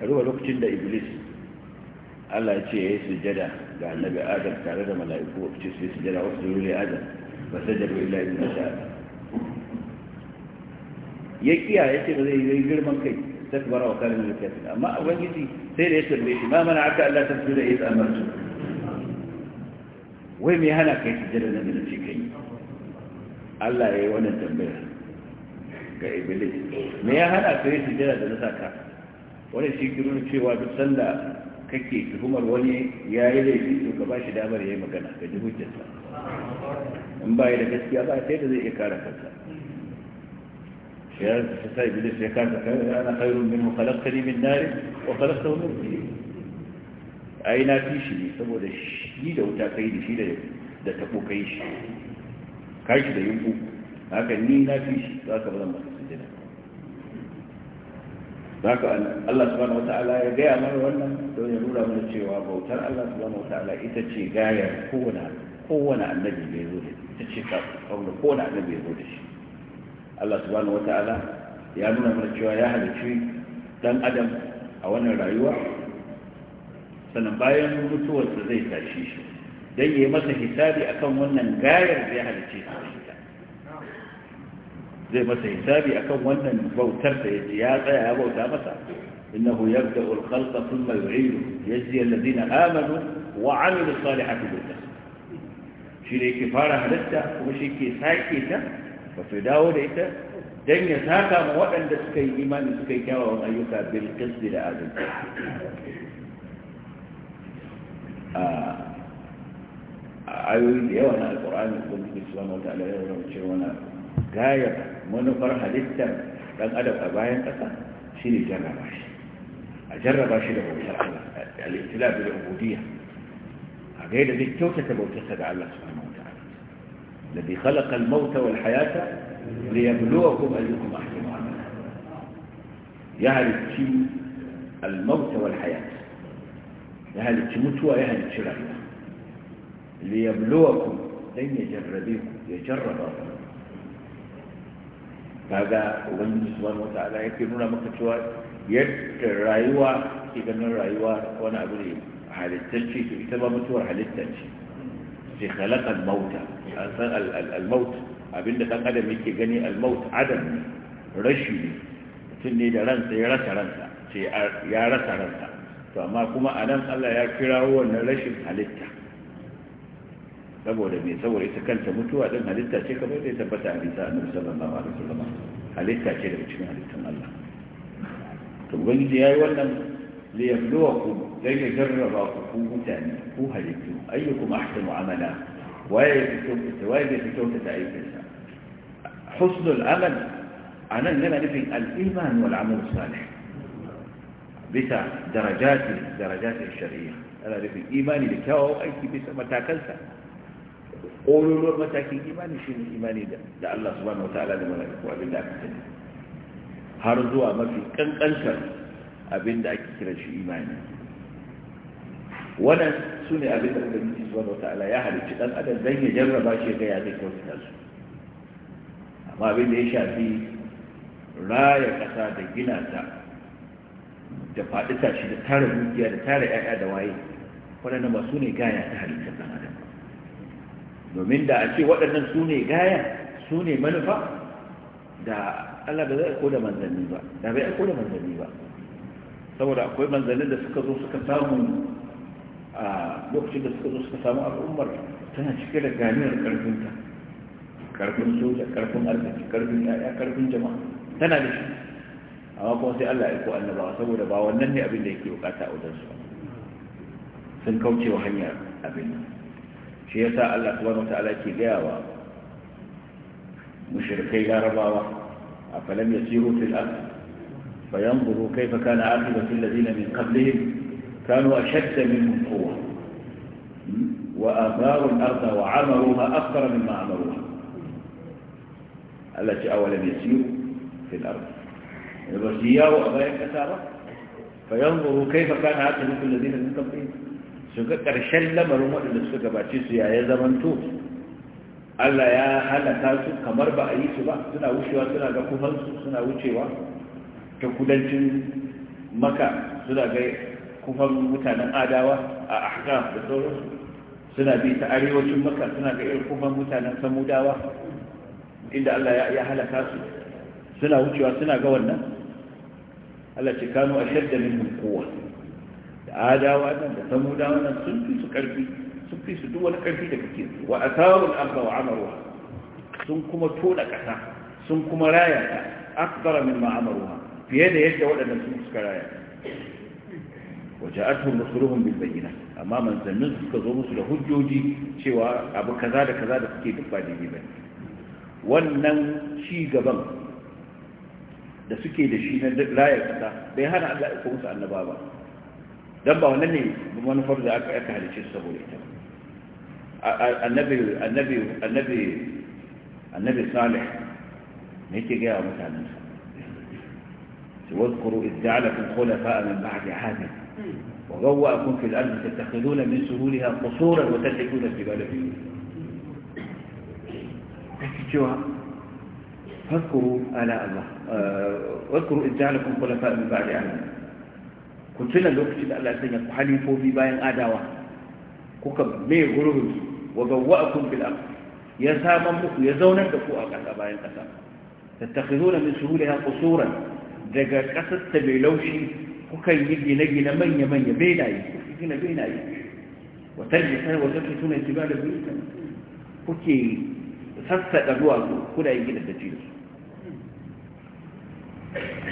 a ruwa lokacin da iblis allah ya ce ya yi sujada ga annabi adam tare da mala'iku a cikin su yi sujada wasu da rure adam ba sai da ruwa ila ibn sa'ad ya kiya ya ce ba zai yi girman kai ta kubara wa kalin lokacin amma ubangiji sai da ya sarbe shi ma mana aka allah ta fi da ya tsamar su wai mai hana kai sujada na mina ce kai allah ya yi wannan tambayar ga iblis me ya hada ka yi sujjada da na wani shi kirin cewa duk sanda kake tuhumar wani ya yi laifi to ka ba shi damar ya yi magana ka ji hujjarsa in ba da gaskiya ba sai da zai iya kare kansa ya sa iblis ya kasa kai ana khairun min khalaqtani min nar wa khalaqtahu min tin ai na fi shi ne saboda shi da wuta kai da shi da da tabo kai shi kai da yunku haka ni na fi shi za ka masu su jina. za ka Allah subhanahu ala ya gaya mana wannan don ya nuna mana cewa bautar Allah subhanahu ala ita ce gayar kowane kowane annabi bai zo da ita ce kawo kowane annabi bai zo da shi Allah subhanahu ala ya nuna mana cewa ya halicci dan adam a wannan rayuwa sannan bayan mutuwarsa zai tashi shi don yi masa hisabi akan wannan gayar da ya halice shi zai masa hisabi akan wannan bautar da yaji ya tsaya ya bauta masa innahu yabda'u al-khalqa thumma yu'idu yajzi alladhina amanu wa 'amilu salihati bil shi ne yake fara halitta kuma shi ke sake ta ba wato dawo da ita dan ya saka mu waɗanda suka yi imani suka yi kyawawan ayyuka bil qisdi da adalci a ayoyi da yawa na alƙur'ani da kuma ta'ala ya alayyar cewa na gayar manufar halitta dan adam a bayan kasa shine jarraba shi a jarraba shi da bautar Allah al al'ibtila bil ubudiyya a ga yadda zai kyautata bautarsa da Allah subhanahu wa ta'ala alladhi khalaqa al-maut wal hayata liyabluwakum ayyukum ahsanu amala ya halicci al-maut wal hayat ya halicci mutuwa ya halicci rayuwa liyabluwakum dan ya jarrabe ku ya jarraba ku kaga ubangiji subhanahu wata'ala yake nuna maka cewa yadda rayuwa ke ganin rayuwa wani abu ne halittacce to ita ba mutuwar halittacce sai khalaqal mauta an san al maut abinda dan adam yake gani al maut adam ne rashi ne mutum ne da ransa ya rasa ransa sai ya rasa ransa to amma kuma anan Allah ya kirawo wannan rashin halitta saboda mai saboda ita kanta mutuwa din halitta ce kamar da ya tabbata a bisa annabi sallallahu alaihi wasallam halitta ce daga cikin halittun Allah to gani da yayi wannan li liyabluwakum dai ya jarraba ku ku mutane ku halittu ayyukum ahsanu amala wa ya fito waye ya fito ta aikinsa husnul amal anan yana nufin al-iman wal amal salih bisa darajati darajati shari'a ana nufin imani da kyawawan aiki bisa matakansa ƙololuwar matakin imani shi ne imani da Allah subhanahu wa ta'ala da mala'iku abin da aka sani har zuwa mafi ƙanƙantar abin da ake kira shi imani wannan su ne abin da ubangiji subhanahu wa ta'ala ya halicci ɗan adam zan ya jarraba shi ga ya zai kyautata su amma abin da ya shafi raya ƙasa da gina ta da faɗi ta shi da tara dukiya da tara 'ya'ya da waye waɗannan ba su ne gaya ta halittar ɗan domin da a ce waɗannan su ne gaya su ne manufa da Allah da zai aiko da manzanni ba da bai aiko da manzanni ba saboda akwai manzanni da suka zo suka samu a lokacin da suka zo suka samu al'ummar tana cike da ganiyar karfinta karfin soja karfin arziki karfin yaya karfin jama'a tana da shi amma kuma sai Allah ya ko annabawa saboda ba wannan ne abin da yake bukata a wajen su sun kauce wa hanyar abin nan shi yasa Allah subhanahu wa ta'ala ke gaya wa mushrikai larabawa a falam yasiru fil ard fa yanzuru kayfa kana aqibatu alladhina min qablihim kanu ashadda minhum quwwa wa atharu al-ard wa 'amaruha akthara mimma 'amaruha allati awalam yasiru fil ard yabasiyahu abayan kasara yanzuru kayfa kana aqibatu alladhina min qablihim su ga ƙarshen lamarin waɗanda suka gabace su yaya to Allah ya halaka su kamar ba a yi su ba suna wucewa suna ga kufansu suna wucewa ta kudancin maka suna ga kufan mutanen adawa a ahka da sauransu suna bi ta arewacin maka suna ga irin kufan mutanen samudawa inda Allah ya halaka su suna wucewa suna ga wannan Allah ce kanu a shadda min kowa adawa nan da samudawa nan sun fi su ƙarfi sun fi su duk wani karfi da kake su wa asarul arda wa amaruha sun kuma tona ƙasa, sun kuma raya ta akbara min ma fiye da yadda waɗannan sun suka raya وجاءتهم رسلهم بالبينات amma manzannin suka zo musu da hujjoji cewa abu kaza da kaza da suke duk ba daidai ba wannan ci gaban da suke da shi na layar ƙasa bai hana Allah ya musu annaba ba don ba wannan ne manufar da aka aka halice su saboda ita annabi annabi annabi annabi salih ne yake gaya wa mutanen sa واذكروا إذ جعلكم خلفاء من بعد عاد وغوأكم في الأرض تتخذون من سهولها قصورا وتتركون الجبال فيه cewa fakuru ala Allah wakuru in ja'alakum khulafa min ba'di ahli ku tuna lokacin da Allah ya sanya ku halifofi bayan adawa kuka mai gurbin su wa gawwa'akum fil ardh ya saman muku ya zaunar da ku a ƙasa bayan ƙasa da min suhuliha qusuran daga ƙasar ta mai laushi kuka yi gine-gine manya-manya benaye gina benaye wa tarjisa wa tarjisuna da buyuta kuke sassaɗa duwatsu kuna yi gina da su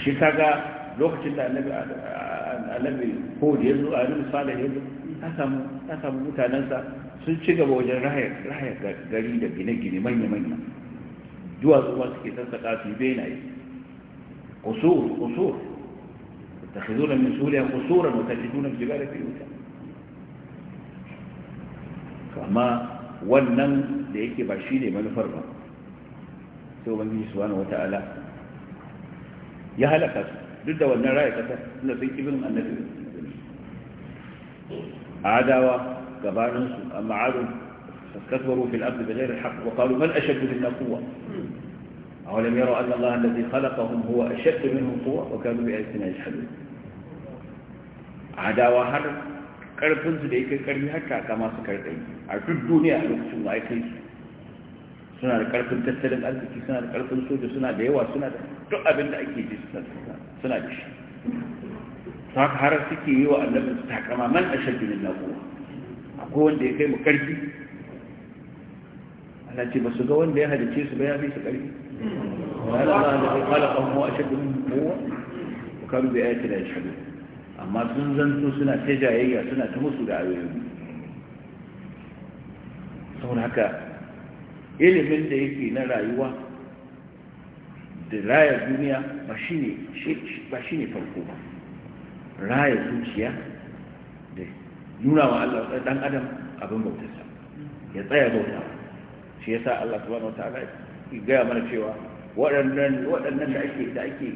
shi kaga lokacin da annabi hud ya zo annabi salih ya zo ta samu mutanensa sun ci gaba wajen raya gari da gine-gine manya-manya duwatsu ma suke sassaka su benaye kusur kusur ta hizo da min suriya kusuran wata jiduna jibar da wuta. amma wannan da yake ba shi ne manufar ba sai wani su wani ala, ya halaka su duk da wannan raya kasa suna sun kibin annabi adawa gabaninsu amma adun فاستكبروا في الأرض بغير الحق وقالوا من أشد منا قوة أولم يروا أن الله الذي خلقهم هو أشد منهم قوة وكانوا بآياتنا يجحدون عداوة حر karfin su da yake karfi haka kama su karɗai a duk duniya a lokacin da ya su suna da karfin tattalin arziki suna da karfin soja suna da yawa suna da duk abin da ake ji suna da shi ta har suke yi wa annabin su takama man a shagginin na kowa akwai wanda ya kai mu ƙarfi. Allah ce ba su ga wanda ya halice su ba ya fi su ƙarfi. wani Allah da ya kala kwanwa a shagginin kowa ku karu da ya da shi amma sun zanto suna ta jayayya suna ta musu da ayoyin saboda haka ilimin da yake na rayuwa da rayar duniya ba shi ne farko ba rayar zuciya da nuna wa Allah dan adam abin bautarsa ya tsaya bauta shi ya sa Allah subhanahu wataala ya gaya mana cewa waɗannan waɗannan da ake da ake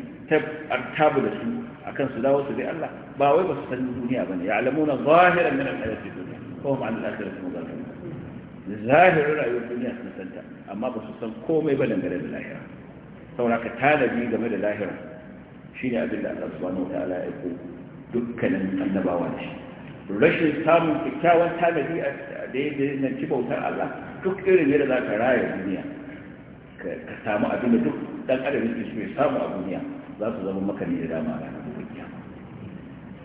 tabu da su akan su dawo su bi Allah ba wai ba su san duniya bane ya alamuna zahiran min al-hayati dunya wa hum an al-akhirati mughafilun zahirin rayuwar duniya sun santa amma ba su san komai ba dangane da lahira saboda ka tanadi game da lahira shine abin da Allah subhanahu wataala ya ko dukkanin annabawa da shi rashin samun kyakkyawan tanadi a daidai nan ci bautar Allah duk irin yadda za ka raya duniya ka samu abin da duk dan adam yake so ya samu a duniya za su zama maka ne da dama a ranar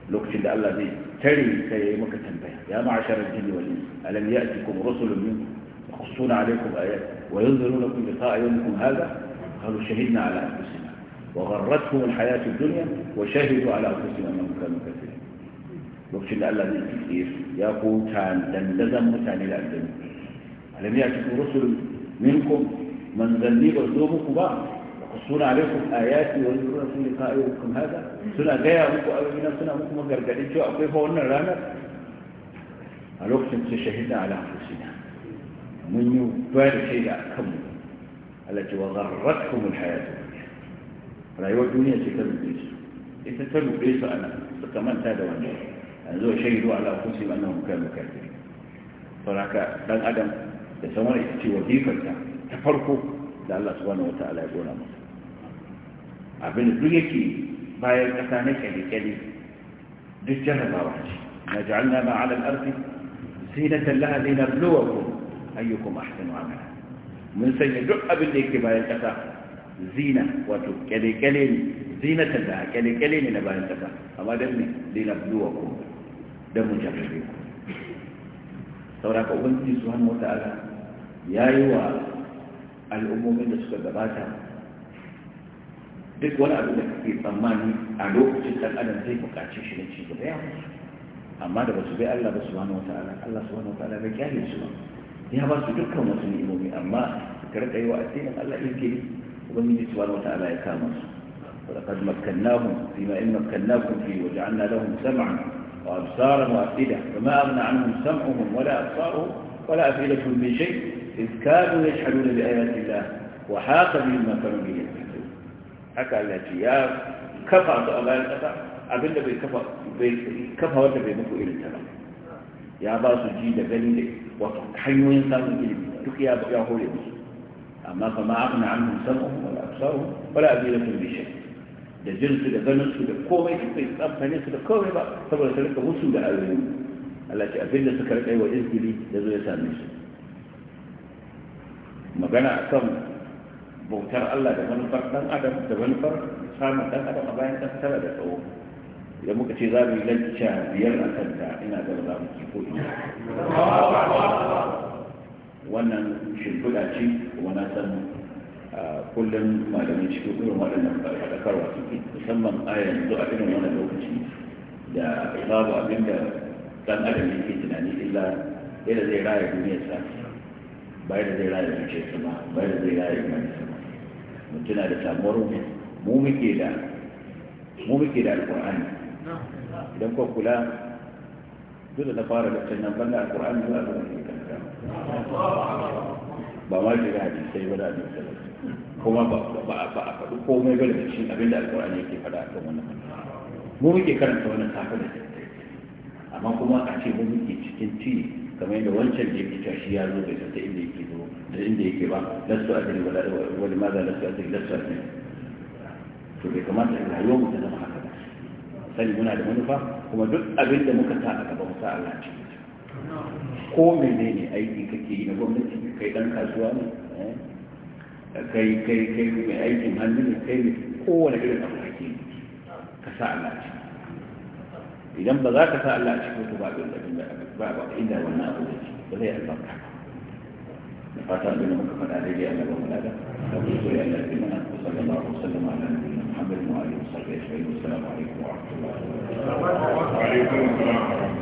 lokacin da Allah zai تري كيامك تنبيه يا معشر الجن والإنس ألم يأتكم رسل منكم يقصون عليكم آيات وينذرون لكم لقاء يومكم هذا قالوا شهدنا على أنفسنا وغرتهم الحياة الدنيا وشهدوا على أنفسنا أنهم كانوا كثيرين لقد قال الله من الكثير يا قوتان لن لزم إلى لأدنكم ألم يأتكم رسل منكم من ذنب الزوم بعض suna alaikum ayati wa yuzuna sun lika ayyukum hada suna gaya muku ayyuna suna muku akwai fa wannan ranar a lokacin su shahida ala anfusina mun yi bayar shaida a kanmu Allah ce wa gharratkum alhayatu rayuwar duniya ce ta rubuce su ita ta rubuce su ana suka manta da wannan yanzu shahidu ala anfusihim annahum kanu kafirin saboda dan adam da samar ita ce ta farko da Allah ya gona masa abin duk yake bayan ƙasa na kyale-kyale duk jarrabawa ce na ja'alna ma ala al-ardi zinatan laha linabluwakum ayyukum ahsanu amala mun sanya duk abin da yake bayan ƙasa zina wato kyale-kyale ne zinatan laha kyale-kyale ne na bayan ƙasa amma dan ne linabluwakum dan mu jarrabe ku saboda ka ubangiji subhanahu ya yi wa al'ummomin da suka gabata duk wani abu da kake tsammani a lokacin dan adam zai buƙaci shi ne cikin da yawa amma da basu bai Allah ba subhanahu wataala Allah subhanahu wataala bai kyale su ba ya ba su dukkan wasu ni'imomi amma ka rika yi wa addinin Allah in ilkiri ubangiji subhanahu wataala ya kama su ولقد مكناهم فيما إن مكناكم فيه وجعلنا لهم سمعا وأبصارا وأفئدة فما أغنى عنهم سمعهم ولا أبصارهم ولا أفئدتهم من شيء إذ كانوا يجحدون بآيات الله وحاق بهم ما كانوا به haka Allah ya kafa su a bayan ƙasa abinda bai kafa bai kafa wanda bai muku irin ta ba ya ba su ji da gani da wato hanyoyin samun ilimi duk ya ya hore musu amma fa ma aqna anhum sam'uhum wala absaruhum wala abilatuhum bi shay da su da ganin su da komai su bai tsamfane su da komai ba saboda su rika musu da ayoyi Allah ce abinda suka rika yi wa izgili da zo ya same su magana akan bautar Allah da manufar dan adam da manufar samun dan adam a bayan tattara da tsawo idan muka ce za mu yi lacca biyar a kanta ina da za mu ko ina wannan shimfiɗa ce kuma na san kullum malamin cikin kuma waɗannan faɗakarwa suke musamman a yanzu a irin wannan lokaci da babu abin da ɗan adam yake tunani illa yadda zai raya duniyarsa ba yadda zai raya zuciyarsa ba ba yadda zai raya imaninsa mutuna da samuwar mu muke da mu muke da alƙur'ani idan ko kula duk da na fara da can ban da alƙur'ani zuwa ga wani kanta ba ma shi da hadisai ba da abin sallallahu kuma ba a faɗi komai ba da shi abin da alƙur'ani yake faɗa a kan wannan mu muke karanta wannan safa da amma kuma a ce mu muke cikin ci kamar yadda wancan da yake tashi ya zo bai santa inda yake zo da inda yake ba lasu adiri wani maza lasu adiri lasu adiri to bai kamata a rayuwar mu ta zama haka ba sani muna da manufa kuma duk abin da muka sa a gaba mu sa Allah ce ko ne aiki kake yi na gwamnati kai dan kasuwa ne eh? kai kai kai mai aikin hannu ne kai ne kowane irin abu kake ka sa Allah ce idan ba za ka sa Allah ce ko ba abin da abin da ba ba inda wannan abu da ba zai fata abin da da ku so ya Allah bi mana sallallahu alaihi wasallam ala nabiyina wa alihi assalamu alaikum wa rahmatullahi wa barakatuh wa alaikum assalam